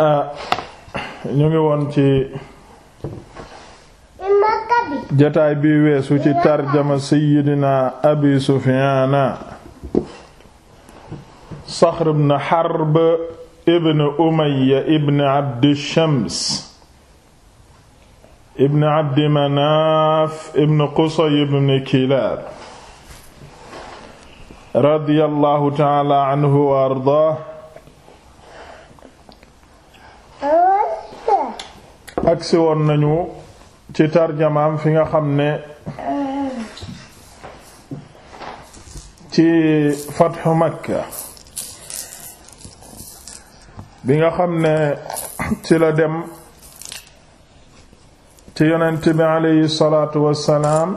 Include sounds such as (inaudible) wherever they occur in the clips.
Ah, ñu ngi woon ci jataay bi weesu ci tarjama seydina abi sufiyaana saxr ibn harb ibn umaya ibn abdi shams ibn abdi manaaf ibn qusay ibn kilaab radiyallahu taala anhu wa ardaa agsi woon nañu ci tarjamaam fi nga xam ne ci fathu Makka bi nga xam ne ci la dem ci yonent bi aleyhi salaatu wassalaam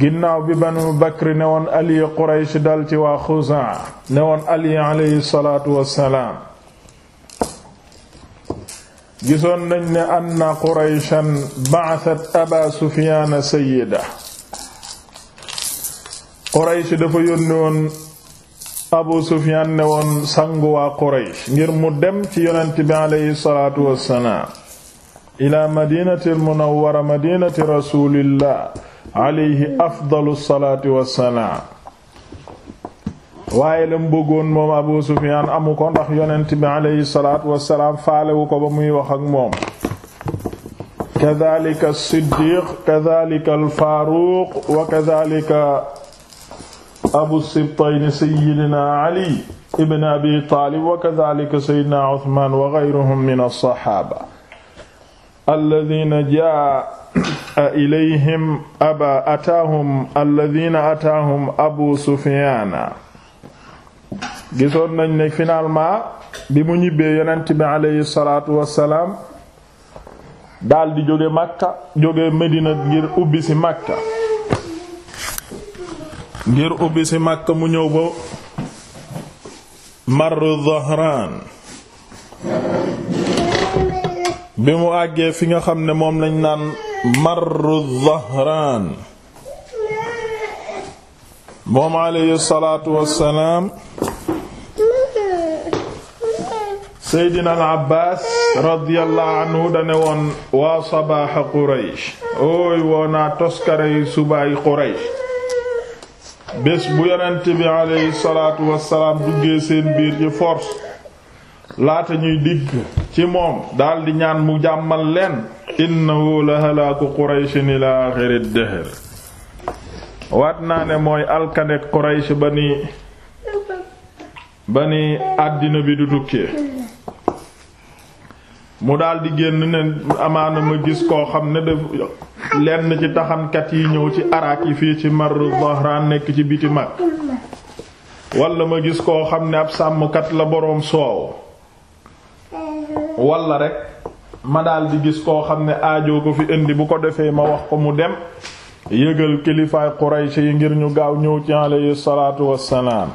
ginnaaw bi banu bakri ne woon ali Quraysh dal ci waa Xuzaa ne woon ali aleyhi salaatu wassalaam gisoon nañ ne anna qurayshan ba'athat aba sufyan sayyida quraysh dafa yónni woon abu sufyan ne woon sangu waa quraysh ngir mu dem ci yonent bi aleyhi salaatu wassalaam ila madinati almunawwara madinati rasulillah aleyhi afdalu salaatu wassalaam waaye la mu bëggoon moom Abu Sufyaan amu ko ndax yonent bi alayhi salaatu wassalaam faalewu ko ba muy wax ak moom kadhalika as-Siddiq kadhalika al-Faaruq wa kadhalika Abu Sibtayn sayyidina Ali ibn Abi Talib wa kadhalika sayyidina Uthman wa ghayruhum min as-sahaaba alladhina jaa'a ilayhim aba ataahum alladhina ataahum Abu Sufyaan gisoon nañ ne finalement bi mu ñibbee yonent bi aleyhi salaatu wassalaam daldi jóge Makka jóge Medina ngir ubbi ci Makka ngir ubbi ci Makka mu ñëw ba Marru Zahraan bi mu àggee fi nga xam ne moom lañ naan Marru Zahraan moom aleyhi salaatu wassalaam seydina al abbaas radiyallahu anhu dane woon waa sabaaxa quraysh ooy woonaa toskarey subaay quraysh bés bu yonent bi aleyhi wassalaam duggee seen biir ci force laata ñuy digg ci moom daldi ñaan mu jàmmal leen innahu la halaaku qurayshin ila axiri dahr waat naa ne mooy alkandek quraysh ba ni àddina bi du tukkee mu daldi di génn ne amaana ma gis koo xam ne def lenn ci taxankat yi ñëw ci araak yi fii ci marru Dhahran nekk ci biti mag wala ma gis koo xam ne ab sàmmkat la boroom soow wala rek ma daldi gis koo xam ne aajoo ko fi indi bu ko defee ma wax ko mu dem yëgal kilifaay Quraysh yi ngir ñu gaaw ñëw ci alayhi salaatu wassalaam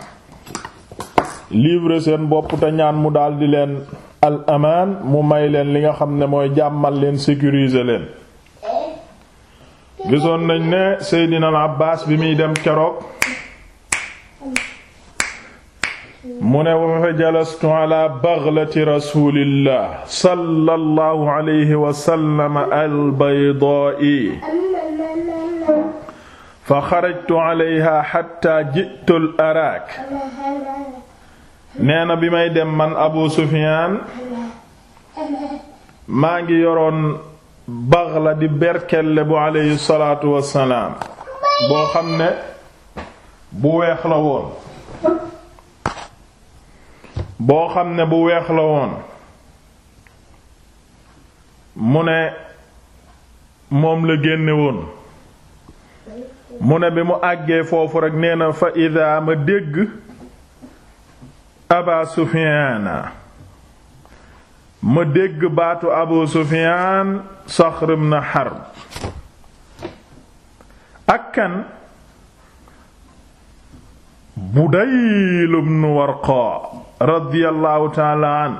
livre seen bopp ñaan mu daldi di leen al amaan mu may leen li nga xam ne mooy jàmmal leen sécuriser leen gisoon nañ ne Seydina al Abbaas bi muy dem keroog mu ne wa fa jalastu ala baghlati rasulillah sallallahu alayhi wa sallam al baydaa'i fa xarajtu alayha hatta ji'tu al araak nee na bi may dem man Abu Sufyaan maa ngi yoroon baxla di berkelle bu aleyhi salaatu wassalaam boo xam ne bu weex la woon boo xam ne bu weex la woon mu ne moom la génne woon mu ne bi mu àggee foofu rekk nee na fa ida ma dégg aba sufiana ma dégg baatu abu sufian saxr ibn harb ak kan budayl ibn warqa radiyallahu taala an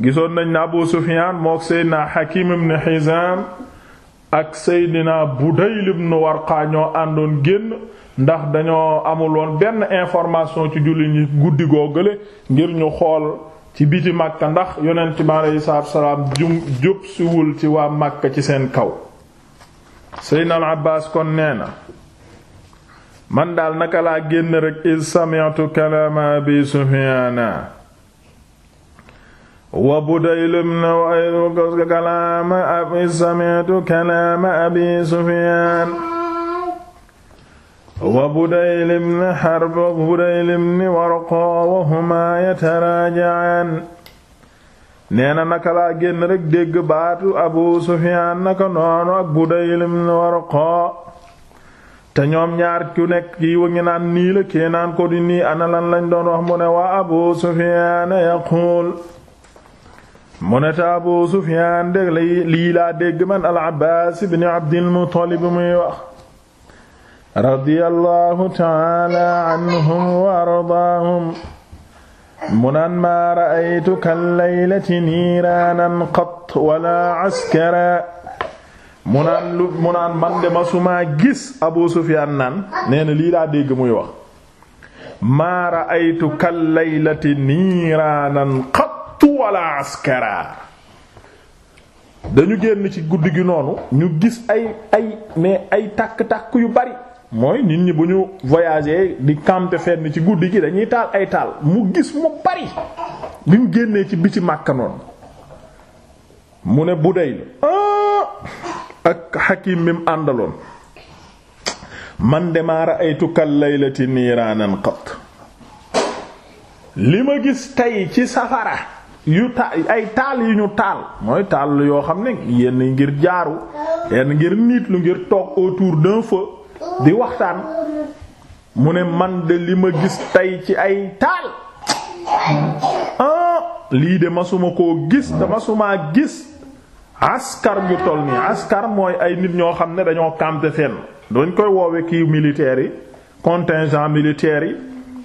gisoon nañ ne abu sufian mook seydna hakim ibn hizam ak Seydina bu ibn Warqa ñoo àndoon génn ndax dañoo amuloon benn information ci julli ñi guddi googale ngir ñu xool ci biti Makka ndax yonent bi aleyhi salaatu wasalaam jum jub ci waa Makka ci seen kaw Seydina al Abbaas kon nee na man daal naka laa génn rek iz sami'tu kalaama Abi wa Budayl ibn Uways kalaama abi kalaama abi wa Budayl ibn Harb wa Budayl wa humaa yataraaja'aan nee na naka laa génn rekk dégg baatu Abu naka noonu ak Budayl ibn Warqa te ñoom ñaar ku nekk kii wa ngi naan nii kii naan ko di nii ana lan lañ doon wax mu ne wa Abu yaquul mu ne te Abu Sufyaan dég lii laa dégg man al-Abbaas ibn Abdil Muttalib muy wax radiyallahu ta'ala anhum wa ardaahum mu naan maa ra'aytu kal-laylati niiraanan qatt wala askara mu naan lu mu naan man de masumaa gis Abu Sufyaan naan nee na lii laa dégg muy wax maa ra'aytu kal-laylati niiraanan qatt wala askara dañu génn ci guddi gi noonu ñu gis ay ay mais ay tàkk-tàkk yu bari mooy nit ñi bu ñu voyage di camper fenn ci guddi gi dañuy taal ay taal mu gis mu bari bi génnee ci biti Makka noonu mu ne Budayl ah, ak Hakim mi mu àndaloon man de maa ra'aytu kal laylati niiraanan qat li ma gis tey ci safara yu ta ay taal yu ñu taal mooy taal yoo xam ne yenn ngir jaaru yenn ngir niit lu ngir toog autour d'un feu di waxtaan mu ne man de li ma gis tey ci ay taal ah lii de masuma koo gis te masumaa gis askar yu toll nii askar mooy ay nit ñoo xam ne dañoo campé fenn dañ koy woowe kii militaires yi contingent militaire yi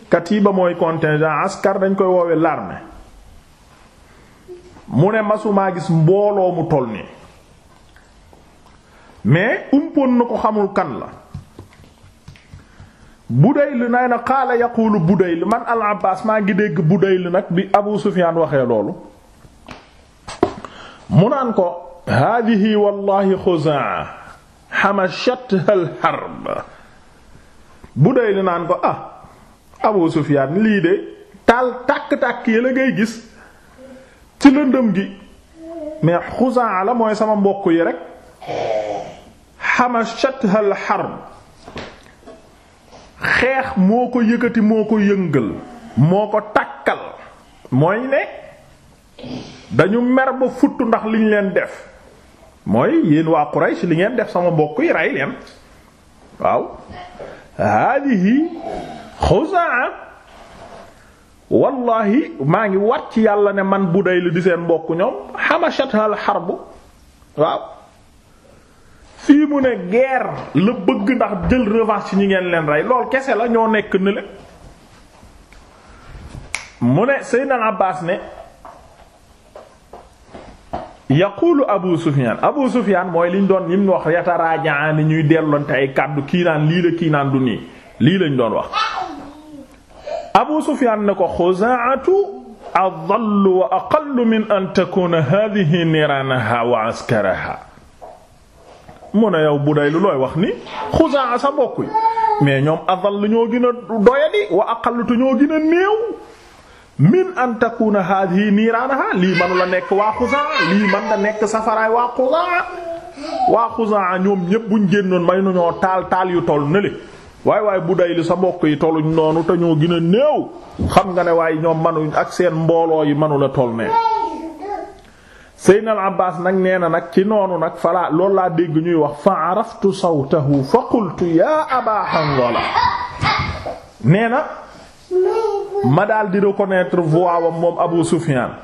kat yi ba mooy contingent askar dañ koy woowe l'armée mu ne masumaa gis mbooloo mu toll nii mais umpoon na ko xamul kan la Budayl nay na xaala yaqulu Budayl man al Abbaas maa ngi dégg Budayl nag bi Abu Sufyaan waxee loolu mu naan ko haadihi wallahi Xuzaa hamashatha al harb Budayl naan ko ah Abu Sufyaan lii de taal tàkk-tàkk yi la ngay gis ci lëndëm gi mais xuzaa la mooy sama mbokk yi rek hamashatha al harb xeex moo ko yëkkati moo ko yëngal moo ko takkal mooy ne dañu mer ba futt ndax li liñ leen def mooy yéen waa Quraysh li ngeen def sama mbokk yi rey leen waaw hadihi xuzaa wallahi maa ngi wat ci yàlla ne man bu Budayl di seen mbokk ñoom xamashatal xarbu waaw fii mu ne geer la bëgg ndax jël revanche ci ñi ngeen leen rey lool kese la ñoo nekk ne le mu ne Seydina Abbaas ne yaqulu Abu Sufyaan Abu Sufyaan mooy li ñu doon ñim wax yataraajaani ñuy delloonte ay kàddu kii lii la kiinaan du nii lii lañ doon wax Abu Sufyaan ne ko Xuzaa'atu adallu wa aqallu min an takuna hadhihi niraanaha wa askaraha mu ne yow Budayl lu looy wax ni Xuzaa sa mbokk yi ñoom adallu ñoo gën a doyadi wa aqallu te ñoo gën a néew min an takuna hadhihi niraanaha lii man la nekk waa Xuzaa lii man la nekk safaraay waa Xuzaa waa Xuzaa ñoom ñépp buñ génnoon may nañoo taal taal yu toll nële waay waay bu day li sa mbokk yi tolluñ noonu te ñoo gën a néew xam nga ne waaye ñoom manuñ ak seen mbooloo yi manu la toll ne seynal abbas nag nee na nag ci noonu nag falaa loolu laa dégg ñuy wax fa araftu sawtahu fa qultu ya aba hanzala nee na ma daal di reconnaître voix wam moom abu sufyan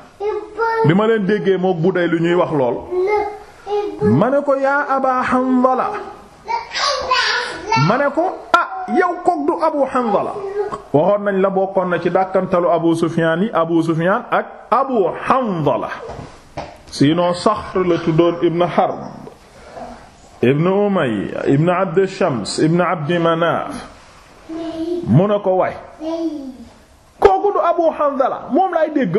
bi ma leen déggee mook bu day lu ñuy wax lool ma ne ko yaa aba hanzala ma ne ko ah yow kook du Abu Hanzala waxoon nañ la bokkoon na ci dàkkantalu Abu Sufyaan yi Abu Sufyaan ak Abu Hanzala sinon Saxr la tuddoon Ibn Harb Ibn Umayya Ibn Abd Shams Ibn Abd Manaaf mu ne ko waay kooku du Abu Hanzala moom laay dégg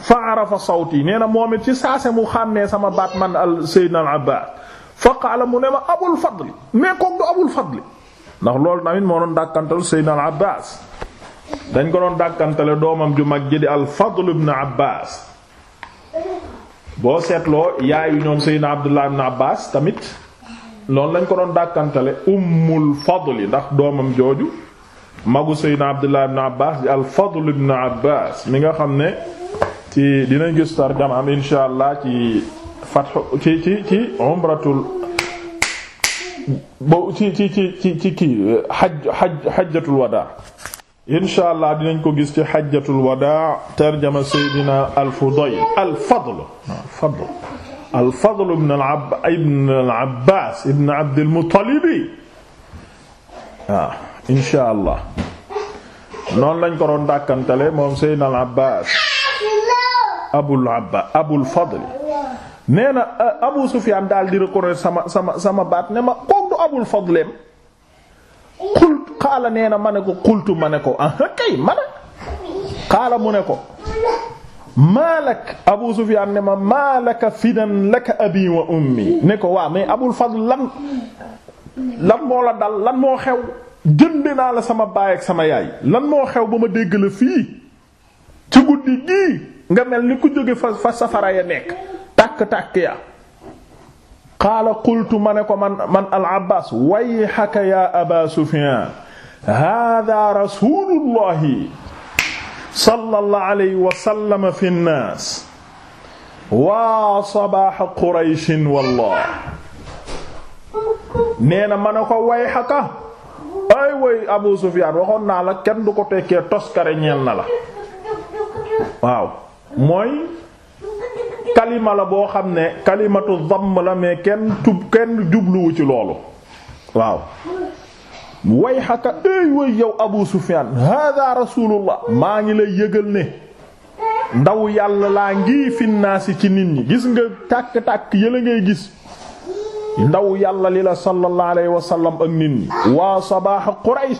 fa arafa sawti nee moom it ci saase mu xàmmee sama baat man al Sayyidina al Abbaas fa qaala mu ne ma abul fadli mais kook du abul fadli ndax loolu tamit moo doon dàkkantal seydna al abbaas dañ ko doon dàkkantale doomam ju mag ji di al fadl ibn abbaas boo seetloo yaayu ñoom seydna abdullah ibn abbaas tamit loolu lañ ko doon dàkkantale ummul fadli ndax doomam jooju magu seydna abdullah ibn abbaas di al fadl ibn abbaas mi nga xam ne ci dinañ gis tarjamaam insha allah ci fatxu ci ci ci umratul bo ci ci ci ci kii xaj xaj xajjatul wadaa insha allah dinañ ko gis ci xajjatul wadaa tarjama seydina al fudayl al fadl al fadl al fadl ibn al abbaas ibn abdil muttalibi waaw ah, insha allah noonu lañ ko doon dàkkantale moom seydina al abbaas abul abbaas abul fadl nee na euh, Abu Sufyaan daal di reconnaître sama sama sama baat ne ma koog du abul leen xult xaala nee na ma ne ko xultu ma ne ko ah kay ma ne xaala mu ne ko maalak Abu Sufyaan ne ma maalaka fidan laka abi wa ummi ne ko waa mais abul fadl lan lan moo la dal lan moo xew jënd naa la sama baay ak sama yaay lan moo xew ba ma dégg la fii ci guddi gii nga mel ni ku jóge fa fa safara ya nekk tàkk-tàkk ya qaala qultu ma ne ko man man al abbas wayhaka ya aba sufyan hada rasulullahi sallallahu alayhi wa sallam fi nnaas waa sabaaxa qurayshin wallah nee na ma ne ko wayhaka ay way abu sufyan waxoon naa la kenn du ko tekkee toskare ñeel na la waaw mooy kalima la boo xam ne kalimatu dhamm la mais kenn tub kenn jubluwu ci loolu waaw way xaka éy way yow abu sufyan hada rasulullah maa ngi lay yëgal ne ndaw yàlla laa ngi finnaasi ci nit ñi gis nga tàkk-tàkk yëla ngay gis ndaw yàlla li la sallallahu alayhi wa sallam ak nit ñi waa sabaax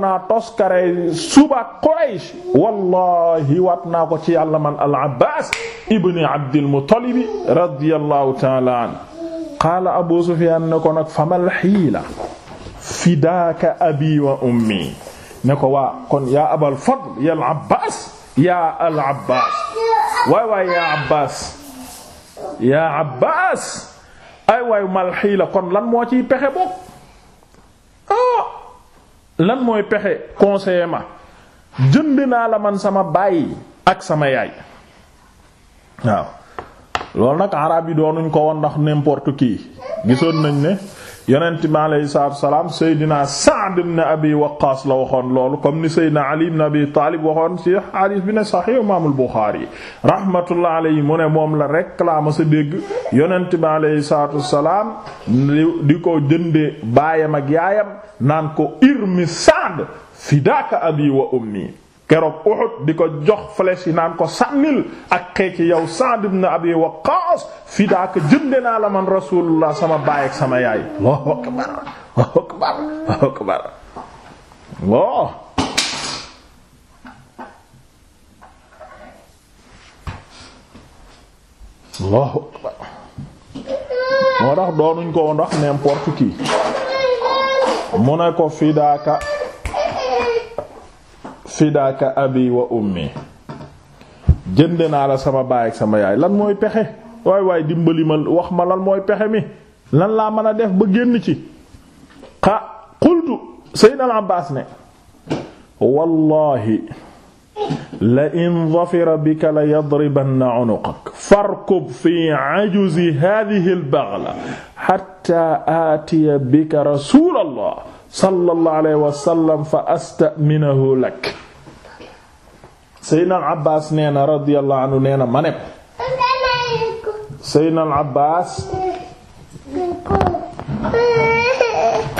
naa toskare suba Quraysh wallahi waat naa ko ci yàlla man al-Abbaas ibni Abdil Muttalib radiyallahu ta'ala an qaala Abu Sufyaan ne ko nag famal xiila fidaaka abi wa ummi ne ko waa kon yaa Abal Fadl yaa al-Abbaas yaa al-Abbaas waay Abbaas ay waayu malxii la kon lan moo ciy pexe bokk ah, lan mooy pexe conseiller ma jënd naa la man sama baay ak sama yaay waaw loolu nag araab yi doonuñ ko woon ndax n'importe qui gisoon nañ ne yonent bi aleyhi salaatu salaam Seydina Sa'd ibn Abi Waqqaas la waxoon loolu comme ni Seydina Ali ibn Abi Taalib waxoon ci xadiis bi ne saxiix imaamul Buxaari rahmatullah aleyhi mu ne moom la rek laa ma sa dégg yonent bi aleyhi salaatu wasalaam di ko jënde baayam ak yaayam naan ko irmi Sa'd fidaaka abi wa ummi keroog Uhud di ko jox flèche naan ko sànnil ak xeec yow Sa'd ibn Abi Waqqas fii jënde naa la man Rasulullah sama baay ak sama yaay Allahu akbar Allahu akbar moo tax doonuñ ko ndax n'importe qui mu ne ko fii fidaaka abi wa ummi jënde naa la sama baay ak sama yaay lan mooy pexe waay waay dimbali ma wax ma lan mooy pexe mi lan laa mën a def ba génn ci xa qultu sayyidna al Abbaas ne wallahi la in dhafira bika la yadribanna unuqak farkub fi ajuzi hadhihi al baghla hatta atiya bika rasulallah sallallahu alayhi wa sallam fa astaminahu lak seydna al abbaas nee na radiyallahu anhu nee na ma ne ko seydna al abbaas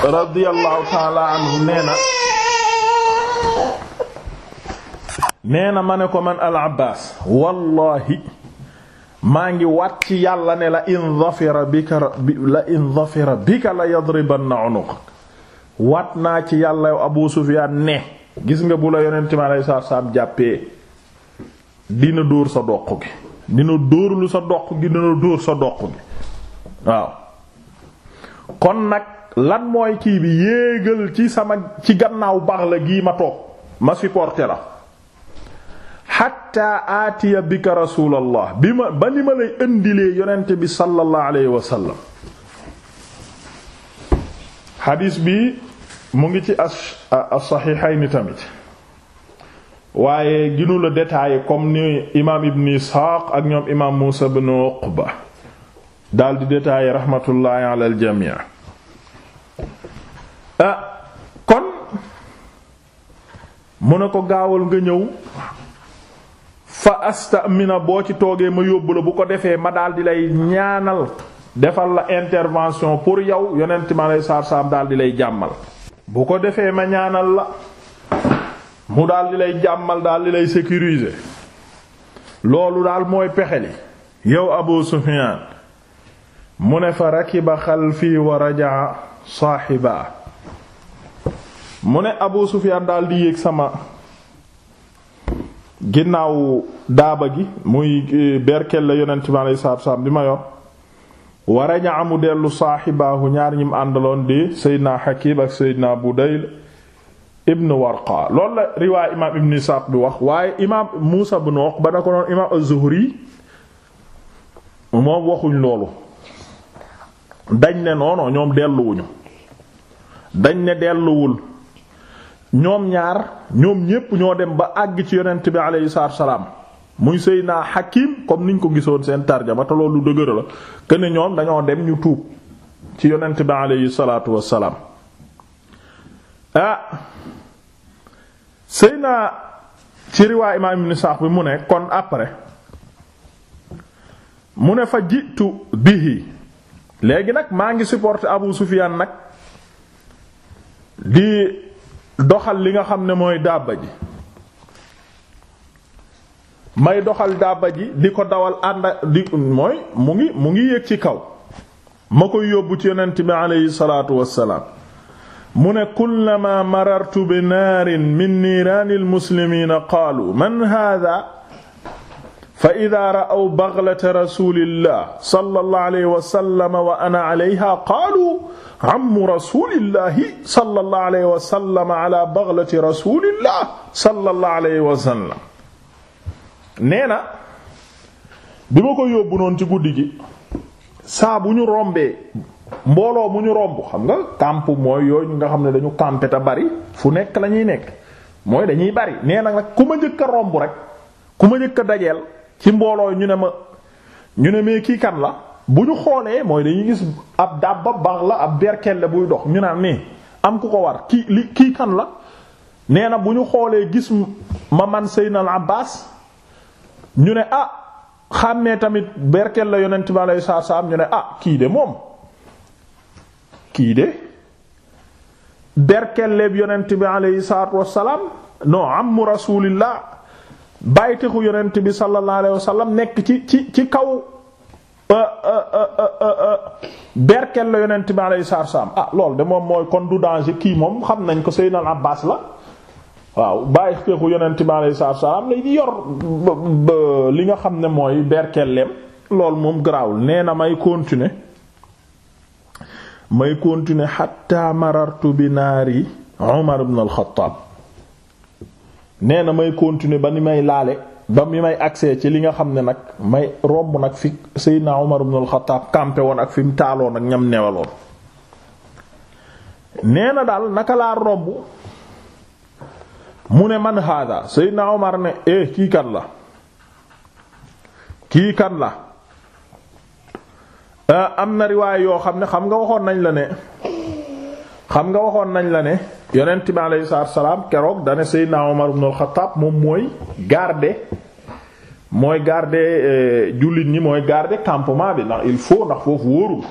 radiyallahu ta'ala anhu nee na nee na ma ne ko man al abbaas wallahi maa ngi wàcc yàlla ne la in dhafira bika la in dhafira bika la yadribanna unuqak wat naa ci yàlla yow Abu Sufyan ne gis nga bu la yonent mi alayhi salaatu salaam jàppee dina dóor sa doq gi dina dóor sa doq gi dina dóor sa doq gi waaw kon nag lan mooy kii bi yéegal ci sama ci gannaaw baax la gii ma toog ma supporté la xatta aatiya bika rasulallah bi ma ba ni ma lay indilee yonent bi sallallahu alayhi wa xadiis bi mu ngi ci as-saxiixayni tamit waaye ginu la détaillé comme ni imaam ibn Isxaaq ak ñoom imaam Muusa ibn Uqba daal di détaillé raxmatullaahi ala jamii kon mu ne ko gaawal nga ñëw fa mina boo ci toogee ma yóbbu la bu ko defee ma daal di lay ñaanal defal la intervention pour yow yonent ma lay saar saam daal di lay jàmmal bu ko defee ma ñaanal la mu daldi lay jàmmal daal lay sécuriser loolu daal mooy pexe yow Abu Sufyan mu ne fa rakiba xalfi wa rajaa saaxiba mu ne Abu Sufyan daal yéeg sama ginnaaw daaba gi muy eh, berkel la yonent bi aleyhi salaatu salaam bi ma yor wa raja'a mu dellu saaxibaahu ñaar ñim àndaloon di seydna Hakim ak seydna Budayl ibn Warqa loolu la riwaay imaam ibn Isaaq bi wax waaye imaam Muusa ibn Uqba na ko noon imaam az-Zuhri moom waxuñ loolu dañ ne noono ñoom delluwuñu dañ ne delluwul ñoom ñaar ñoom ñépp ñoo dem ba àgg ci yonent bi aleyhi salaam muy sëy Seydina Hakim comme niñ ko gisoon seen tarjama lu loolu dëgër la que ne ñoom dañoo dem ñu tuub ci yonent bi aleyhi salaatu wassalaam ah Seydina ci riwaa imaam ibn Sa'd bi mu ne kon après mu ne fa jiitu bihi léegi nag maa ngi supporter Abu Sufyaan nag di doxal li nga xam ne mooy dàbba ji may doxal dàbba ji di ko dawal ànda di mooy mu ngi mu ngi yéeg ci kaw ma koy yóbbu ci yonent bi aleyhi salaatu wassalaam mu ne kullama marartu bi naarin min niiraani almuslimiina qaalu man haadaa fa idaa ra'aw baghlata rasuulillah sallallahu alayhi wa sallam wa ana alayha qaalu ammu rasuulillahi sallallahu alayhi wa sallam ala baghlati rasuulillah sallallahu alayhi wa sallam nee na bi ma ko yóbbu noonu ci guddi gi saa bu ñu rombee mbooloo mu ñu romb xam nga camp mooy yooyu nga xam ne dañu campé te bari fu nekk lañuy nekk mooy dañuy bari nee na nag ku ma njëkk romb rek ku ma njëkk a dajeel ci mboolooy ñu ne ma ñu ne mais kii kan la bu ñu xoolee mooy dañuy gis ab dabba baax la ab berkelle buy dox ñu naan nii am ku ko war kii li kii kan la nee na bu ñu xoolee gis ma man Seynal Abbas ñu ne ah xàmmee tamit berkel la yonent bi alayhi salaatu salaam ñu ne ah kii de moom kii de berkel leeb yonent bi alayhi salaatu wassalaam non ammu rasulillah bàytixu yonent bi sallallahu alayhi wasallam nekk ci ci ci kaw euh, euh, euh, berkel la yonent bi alayhi salaatu wassalaam ah loolu de moom mooy kon du danger kii moom xam nañ ko Seydina Abbaas la waaw bàyyi xeexu yonent bi alayhi salaam lay di yor li nga xam ne mooy berkelleem loolu moom garaawul nee na may continuer may continuer xatta marartu bi naari Umar ibn al-Khattab nee na may continuer ba ni may laale ba mi may accès ci li nga xam ne nag may romb nag fi Seydina Umar ibn al-Khattab campé woon ak fi mu taaloon ak ñam newaloon nee na daal naka laa romb mu ne man hada Seydina Omar ne eh kii kan la kii kan la eh, am na riwaay yoo xam ne xam nga waxoon nañ la ne xam nga waxoon nañ la ne yonent bi alayhi salaam keroog dane Seydina Omar ibn al-Khattab moom mooy garde mooy garde eh, jullit ñi mooy garder campement bi ndax il faut ndax foofu wóorul.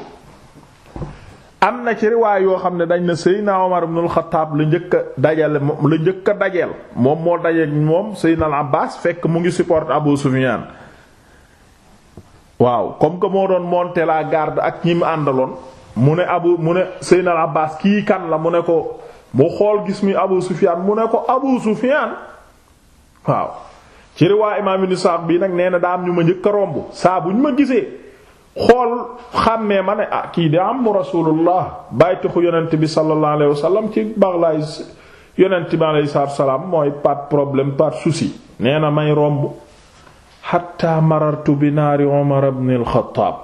am na ci riwaay yoo xam ne dañ ne Seydina Omar ibn al-Khattab la njëkk a dajale la njëkk a dajeel moom moo dajeel moom Seydina al-Abbas fekk mu ngi supporte Abu Sufyan waaw comme que moo doon monter laa garde ak ñi mu àndaloon mu ne Abu mu ne sëy naa abbas kii kan la mu ne ko mu xool gis mi Abu Sufyan mu ne ko Abu Sufyan waaw ci riwaay imaam Ibn Sa'd bi nag nee na daa am ñu ma njëkk romb saa bu ñu ma gisee. xool xàmmee ma ne ah kii de am rasulullah bàyyi taxu yonent bi sallallahu alayhi wa sallam ci baglaay yonent bi alayhi salaam mooy pas problème pas souci nee na may romb xatta marartu bi naari Umar ibn al-Khattab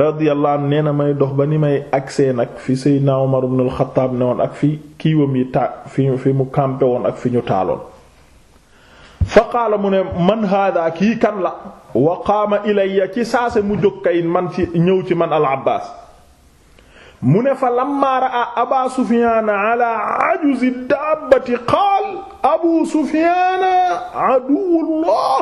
radiyallahu anhu nee na may dox ba ni may agsee nag fi Seydina Umar ibn al-Khattab ne woon ak fi kiiwam yi ta fi fi mu campé woon ak fi ñu taaloon fa qaala mu ne man haadaa kii kan la wa qaama ilayya ci saase mu jóg kay man ci ñëw ci man al abbaas mu ne fa lamma raa aba sufiaana ala ajuzi daabati qaal abu sufiaana aduwullah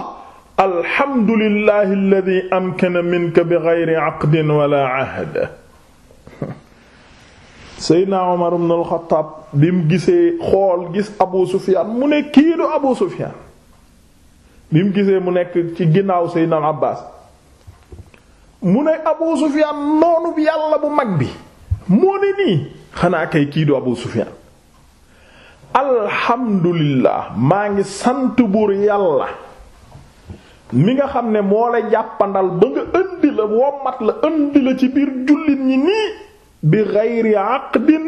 alhamdulillahi alladi amkana minka bi geyri aqdin wala ahd (laughs) seydna omar ibn al xattaab bi mu gisee xool gis abu sufiyaan mu ne kii du abu sufiyaan bi mu gisee mu nekk ci ginnaaw Seydina Abbas mu ne Abu Sufyaan noonu bi yàlla bu mag bi moo ne nii xanaa kay kii du Abu Sufyaan alhamdulillah maa ngi sant buur yàlla mi nga xam ne moo la jàppandal ba nga indi la wommat la indi ci biir jullit ñi nii bi ghayri aqdin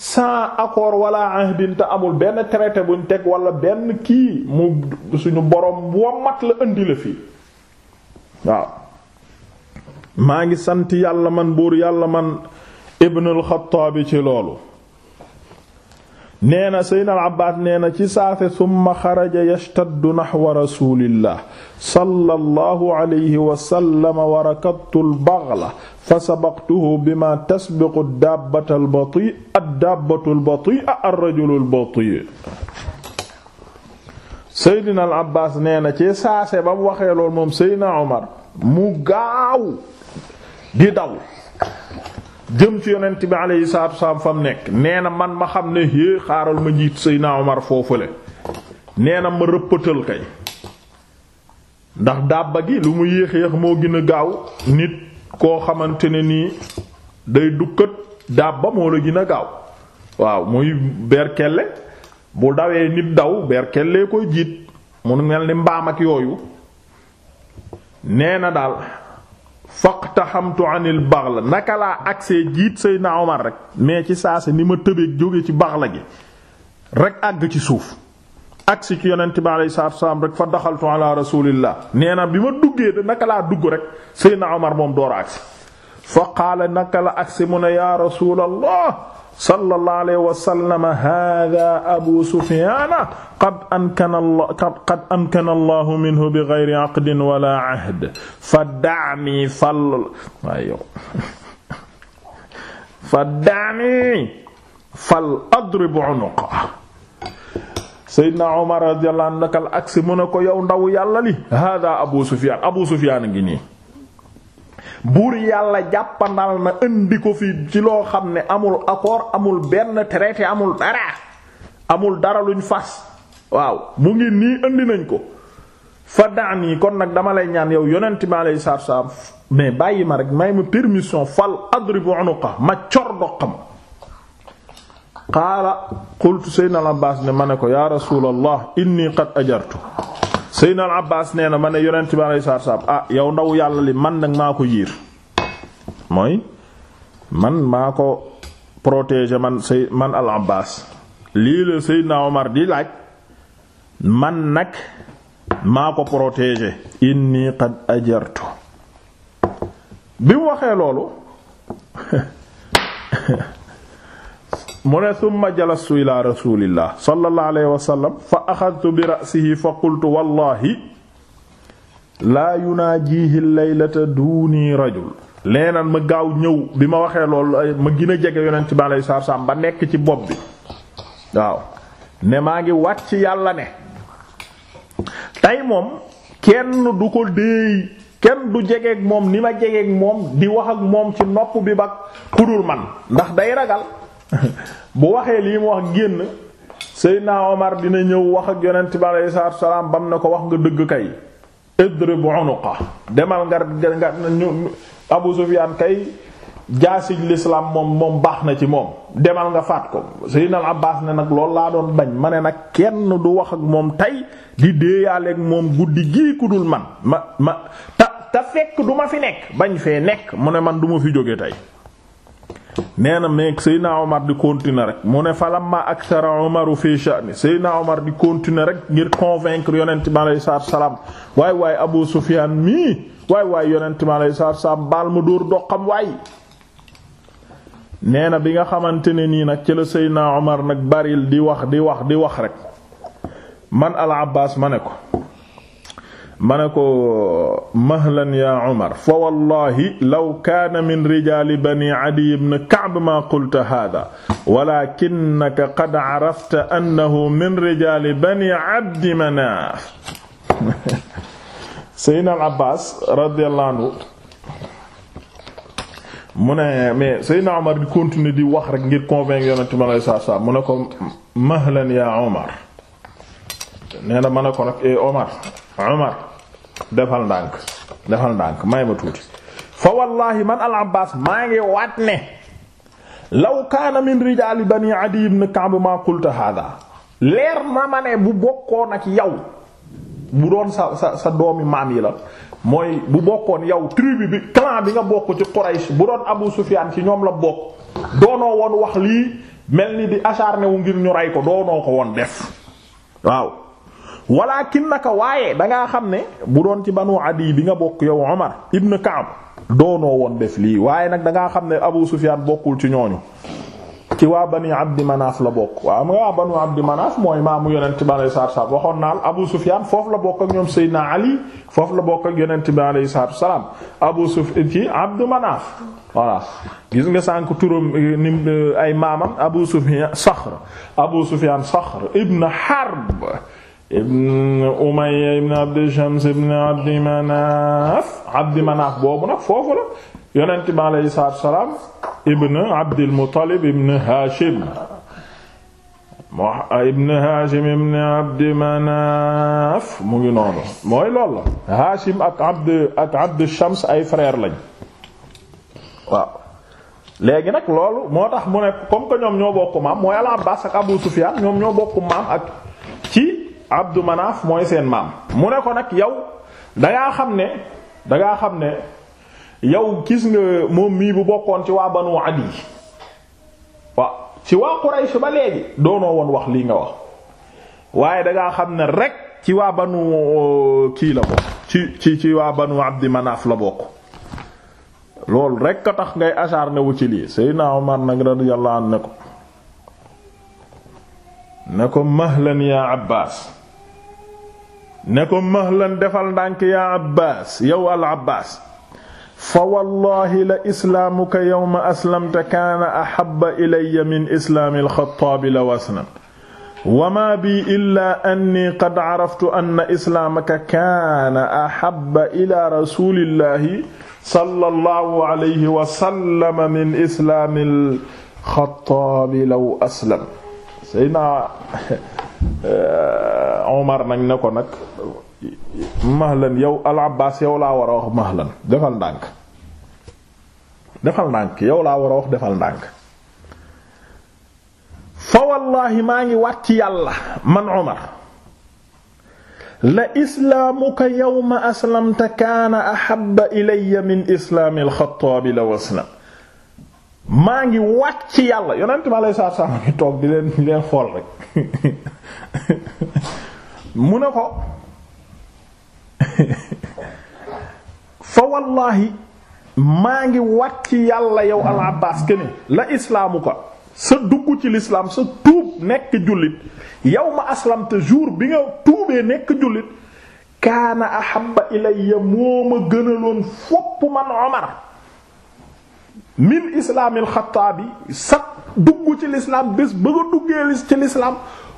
sans accord wala ahdin amul benn traité buñ teg wala benn kii mu suñu borom wommat la indi la fii waaw maa ngi sant yàlla man buur yàlla man ibn al ci loolu nee na seydna al Abbaas nee na ci saase summa xaraja yashtaddu naxwa rasulillah sallallahu alayhi wa sallam wa rakabtu al-baghla fa sabaqtuhu bima bi ma dabbatu al-bati'u ad-dabbatu al-bati'u ar-rajulu al-bati'u nee na ci saase ba mu waxee lool moom Seydina Omar mu gaaw di daw jëm ci yonent bi alayhi salaatu wasalaam fa mu nekk nee na man ma xam ne hée xaaral ma njiit Seydina Omar foofule nee na ma rëppatal kay ndax dàbba gi lu mu yéex yéex moo gën a gaaw nit koo xamante ne nii day dukkat daab ba moo la gën a gaaw waaw muy berkelle bu dawee nit daw berkelle koy jiit mu mel ni mbaam ak yooyu nee na daal faqtahamtu anil la naka laa agsee jiit Seydina Omar rek mais ci saa si ni ma tëbeeg jóge ci la gi rek àgg ci suuf agsi ci yonent bi alayhi salaatu wassalaam rek fa daxaltu ala rasulillah nee na bi ma duggee da naka laa dugg rek Seydina Omar moom door a agsi fa qaala naka la agsi mu ne yaa rasulallah sallallahu alayhi wa sallam haadaa abu sufyaana qad amkana allah qad amkana allahu minhu bi ghayri aqdin wala ahd fa da'ni fal ayyo (laughs) fa da'ni fal adrib unuqa Seydina Omar radiyallahu anhu nakal aksi mën a ko yow ndaw yàlla li hada Abu Sufyan Abu Sufyan ngi nii buur yàlla jàppandal na indi ko fii ci loo xam ne amul accord amul benn traité amul dara amul dara luñ fas waaw mu ngi nii indi nañ ko fa daan yi kon nag dama lay ñaan yow yonent bi alayhi salaatu salaam mais bàyyi ma rek may ma permission fal adribu unuqa ma cor doqam qaala qultu na al abbas ne ma ne ko ya rasulallah inni qad ajartu seydna al abbas nee na ma ne yonent bi alei saatu salaam ah yow ndawu yàlla li man nag maa ko yiir mooy man maa ko protéger man say man al abbas lii la seydna omar di laaj man nag maa ko protéger inni qad ajartu bi mu waxee loolu (laughs) mu ne summa jalastu ila rasulillah sallallahu alayhi wa sallam fa axadtu bi ra'sihi fa qultu wallahi laa yunaajihi laylata duuni rajul leenan ma gaaw ñëw bi ma waxee loolu ma gina a jege yonent bi alayhi salaam ba nekk ci bopp bi waaw ne maa ngi wat ci yàlla ne tey moom kenn du ko déey kenn du jegeeg moom ni ma jegeeg moom di wax ak moom ci nopp bi ba kudul man ndax day ragal bu waxee lii mu wax génn Seydina Omar dina ñëw wax ak yonent bi aleyhi salaatu salaam bam na ko wax nga dëgg kay idrib unuqa demal nga nga ñu Abu Sufyaan kay jaasij l'islam moom moom baax na ci moom demal nga faat ko Seydina Abbaas ne nag loolu laa doon bañ ma ne nag kenn du wax ak moom tey di déeyaaleeg moom guddi gii ku dul man ma ma ta ta fekk du ma fi nekk bañ fee nekk mu ne man du ma fi jóge tey nee na meeg Seydina Omar di continuer rek mu ne falamma akthara Omaru fi sha'ni Seydina Omar di continuer rek ngir convaincre yonent bi alayhi salaam waay waay Abu Sufyaan mii waay waay yonent bi alayhi salaam baal ma dóor doqam waay. nee na bi nga xamante ne nii nag ci la Seydina Omar nag baril di wax di wax di wax rek man al Abbaas ma ne ko. ma ne ko mahlan ya Umar fa wallahi law kaana min rijaali bani Adiy ibn Ka'b ma qulta haadaa walaakinnaka qad arafta annahu min rijaali bani Abdi Manaaf Seydina (laughs) Al Abbaas radiyallahu anhu mu ne mais Seydina Omar di continuer di wax rek ngir convaincre Yonent mi alayhi salaatu salaam mu ne ko mahlan ya Omar nee na ma ne ko nag eh Omar Omar defal ndànk defal ndànk may ma tuuti fa wallahi man al abbas maa ngi waat ne law kaana min rijaali bani adi ibn ka'b ma qulta hada leer na ma ne bu bokkoon ak yow bu doon sa sa sa doomi maam yi la mooy bu bokkoon yow tribu bi clan bi nga bokk ci Quraysh bu doon Abu Sufyaan ci ñoom la bokk doonoo woon wax lii mel ni di acharné wu ngir ñu rey ko doonoo ko woon def waaw walaakin naka waaye da ngaa xam ne bu doon ci banu adi bi nga bokk yow Omar ibn Kaab doonoo woon def lii waaye nag da ngaa xam ne Abu Sufyaan bokkul ci ñooñu ci waa bani Abdi Manaaf la bokk waaw nga waa banu Abdi Manaaf mooy maamu yonent bi alayhi salaatu waxoon naal Abu Sufyaan foofu la bokk ak ñoom Seydina Ali foofu la bokk ak yonent bi alayhi salaatu salaam Abu Sufyaan ci voilà gis nga sànq ay maamam Abu Sufyaan Saxr Abu Sufyaan Saxr ibn Harb ibn Umayya ibn Abd Shams ibn Abdi Manaaf boobu nag foofu la yonent bi alayhi salaatu wa salaam ibn Abdil Muttalib ibn Haashim Haashim ibn Abdi Manaaf mu ngi noonu mooy loolu la Haashim ak Abd ak Shams ay frère lañ waaw léegi nag loolu moo tax mooy al Abbaas ak Abu Sufyaan ñoom maam ak Abdou Manaf mooy seen maam mu ne ko nag yow dangaa xam ne dangaa xam ne yow gis nga moom mii bu bokkoon ci waa Banu Adi waaw ci waa Quraysh ba léegi doonoo woon wax lii nga wax waaye dangaa xam ne rekk ci waa Banu kii la bokk ci ci waa waa Banu Abdi Manaf la bokk loolu rek a tax ngay asaar ne wu ci lii Seydina Omar nag radiyallahu anhu ne ko ne ko mahlan ya Abbaas ne ko mahlan defal ndànk yaa abbaas yow al abbaas fa wallahi la islaamuka yawma aslamta kaana ahabba ilayya min islaamil xattaabi law aslam wa maa bi illaa anni qad caraftu anna islaamaka kaana ahabba ilaa rasuulillahi sallallahu alayhi wa sallam min islaamil xattaabi law aslam. Seydina Euh, Omar nañ ne ko nag mahlan yow al Abbaas yow laa war a wax mahlan defal ndànk defal ndànk yow laa war a wax defal ndànk fa wallaahi maa ngi waat ci yàlla man Omar la islaamuka yawma aslamta kaana ahabba ilayya min islaamil Xattaab law aslam maa ngi waat ci yàlla yonent ma lay saa saa ngi toog di leen di leen xool rek (laughs) mu ne ko (laughs) fa wallaahi maa ngi waat ci yàlla yow al Abbaas ke la islaamu ko sa dugg ci lislaam sa tuub nekk jullit yow ma aslam te jour bi nga tuubee nekk jullit kaana ahabba ilayya moo ma gënaloon fopp man Omar min islaamil xataabi sax dugg ci lislaam bés ba nga duggee ci lislaam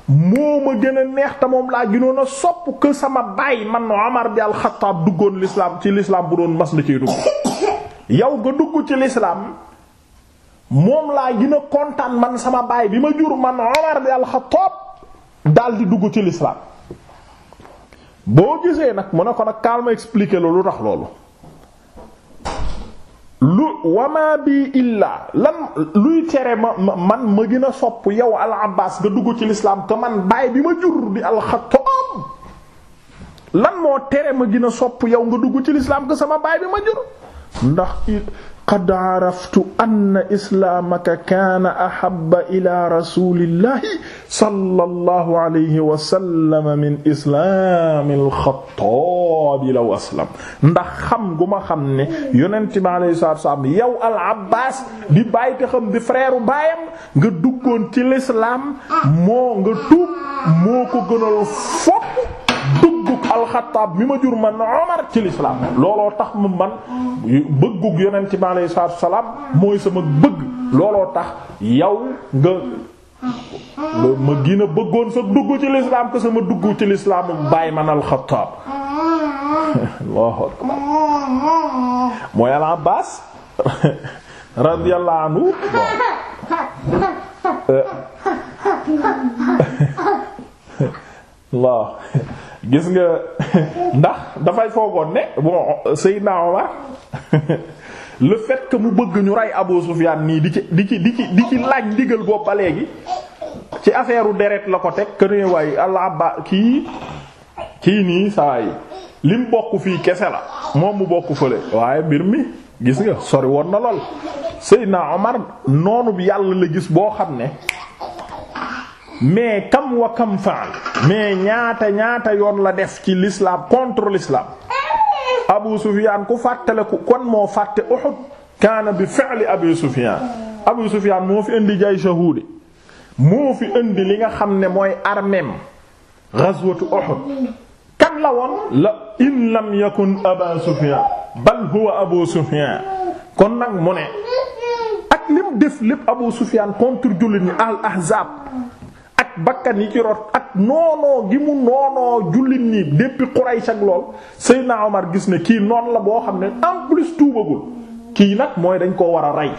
moo ma gën a neex te moom laa gënoon a sopp que sama baay man Omar bi alxataab duggoon lislaam ci lislaam bu doon mas la ciy dugg yow nga dugg ci lislaam moom laa gën a kontaan man sama baay bi ma jur man Omar bi alxataab daal di dugg ci lislaam boo gisee nag mu ne ko nag kaal ma expliquer loolu tax loolu lu wamaa bi illaa lan luy tere ma man ma gën a sopp yow al abbas nga dugg ci lislaam te man baay bi ma jur di alxataab lan moo tere ma gën a sopp yow nga dugg ci lislaam te sama baay bi ma jur ndax it qad araftu anna islaamaka kaana ahabba ila rasulillahi sallallahu alayhi wa sallam min islaamil xattaabi law aslam ndax xam gu ma xam ne yonent bi alayhi salaatu wa salaam yow al Abbaas di bàyyi te xam di frère baayam nga duggoon ci lislaam moo nga tuub moo ko gënal fopp jug alxataab mi ma jur man Omar ci lislaam looloo tax ma man bëggug yonent bi alayhi salaatu salaam mooy sama bëgg looloo tax yow nga ma gën bëggoon sa dugg ci lislaam que sama dugg ci lislaam bàyyi man alxataab (laughs) Allahu mooy al Abbaas (laughs) radiyallahu anhu (laughs) eh. Allah gis nga (laughs) ndax dafay foogoon ne bon Seydina Omar (laughs) le fait que mu bëgg ñu rey Abu Sufyan nii di ci di ci di ci di ndigal boobu ba léegi ci affaire u deret la ko teg que ne waay allah kii kii nii saa yi lim bokk fii kese la moom mu bokk fële waaye mbir mi gis nga sori woon na lool Seydina Omar noonu yàlla la gis boo xam ne. mais kam wa kam faal mais ñaata ñaata yoon la def ci l'islam contre l'islam Abu Sufyan ku fàttaleku kon moo fàtte Uhud kaana bi fi'li Abu Sufyan Abu Sufyan moo fi indi jay shahuudi moo fi indi li nga xam ne mooy armeem ghazwatu Uhud kan la woon la in lam yakun Aba Sufyan bal huwa Abu Sufyan kon nag mu ne ak lim def lépp Abu Sufyan contre jullit ñi al ahzab ak bakkan yi ci rot ak noonoo gi mu noonoo jullit nii depuis Quraysh ak lool Seydina Omar gis ne kii noon la boo xam ne en plus tuubagul kii nag mooy dañ koo war a rey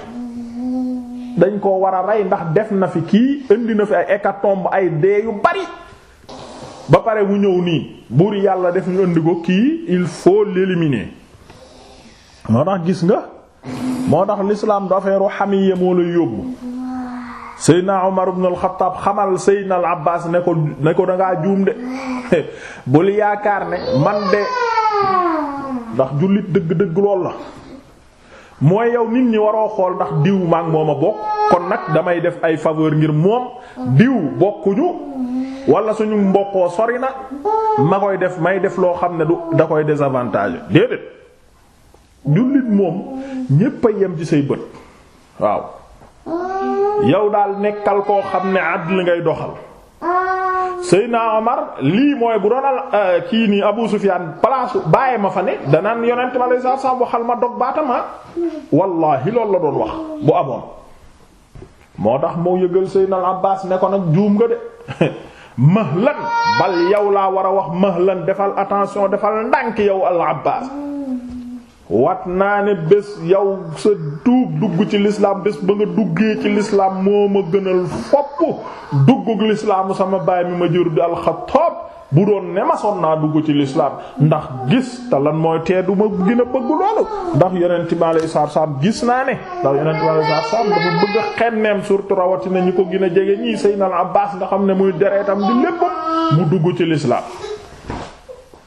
dañ ko war a rey ndax def na fi kii indi na fi ay hécatombe ay dee yu bari ba pare mu ñëw nii buur yàlla def ñu indi ko kii il faut l'éliminer moo tax gis nga moo tax l'islam du affaire xamiya moo lay yóbbu Seydina Omar ibn al-Khattab xamal Seydina al-Abbas ne ko ne ko da ngaa juum de (laughs) bul yaakaar ne man de ndax jullit dëgg-dëgg lool la mooy yow nit ñi waroo xool ndax diw maak moom a bokk kon nag damay def ay faveur ngir moom diw bokkuñu wala suñu mbokkoo sori na ma koy def may def loo xam ne du da koy désavantage déedéet jullit moom ñépp a yem ci say bët waaw. yow daal nekkal koo xam ne adl ngay doxal Seydina Omar lii mooy bu doon al euh, kii nii Abu Sufyaan place bàyyi ma fa ne danaan yonent ma lay saa saa waxal ma dog baatama ah. wallaahi loolu la doon wax bu amoon moo tax moo yëgal Seydina Abbaas ne ko nag juum nga de (laughs) mahlan bal yow laa war a wax mahlan defal attention defal ndànk yow al Abbaas wat naa ne bés yow sa tuub dugg ci lislaam bés ba nga duggee ci lislaam moo ma gënal fopp dugguk lislaamu sama baay mi ma jur di alxataab bu doon ne ma son naa dugg ci lislaam ndax gis te lan mooy tee du ma gën a bëgg loolu ndax yonent bi alayhi salaatu gis naa ne ndax yonent bi alayhi salaatu salaam dafa bëgg a xenneem surtout rawatina ñi ko gën a jege ñii Seydina Abbaas nga xam ne muy deretam di lépp mu dugg ci lislaam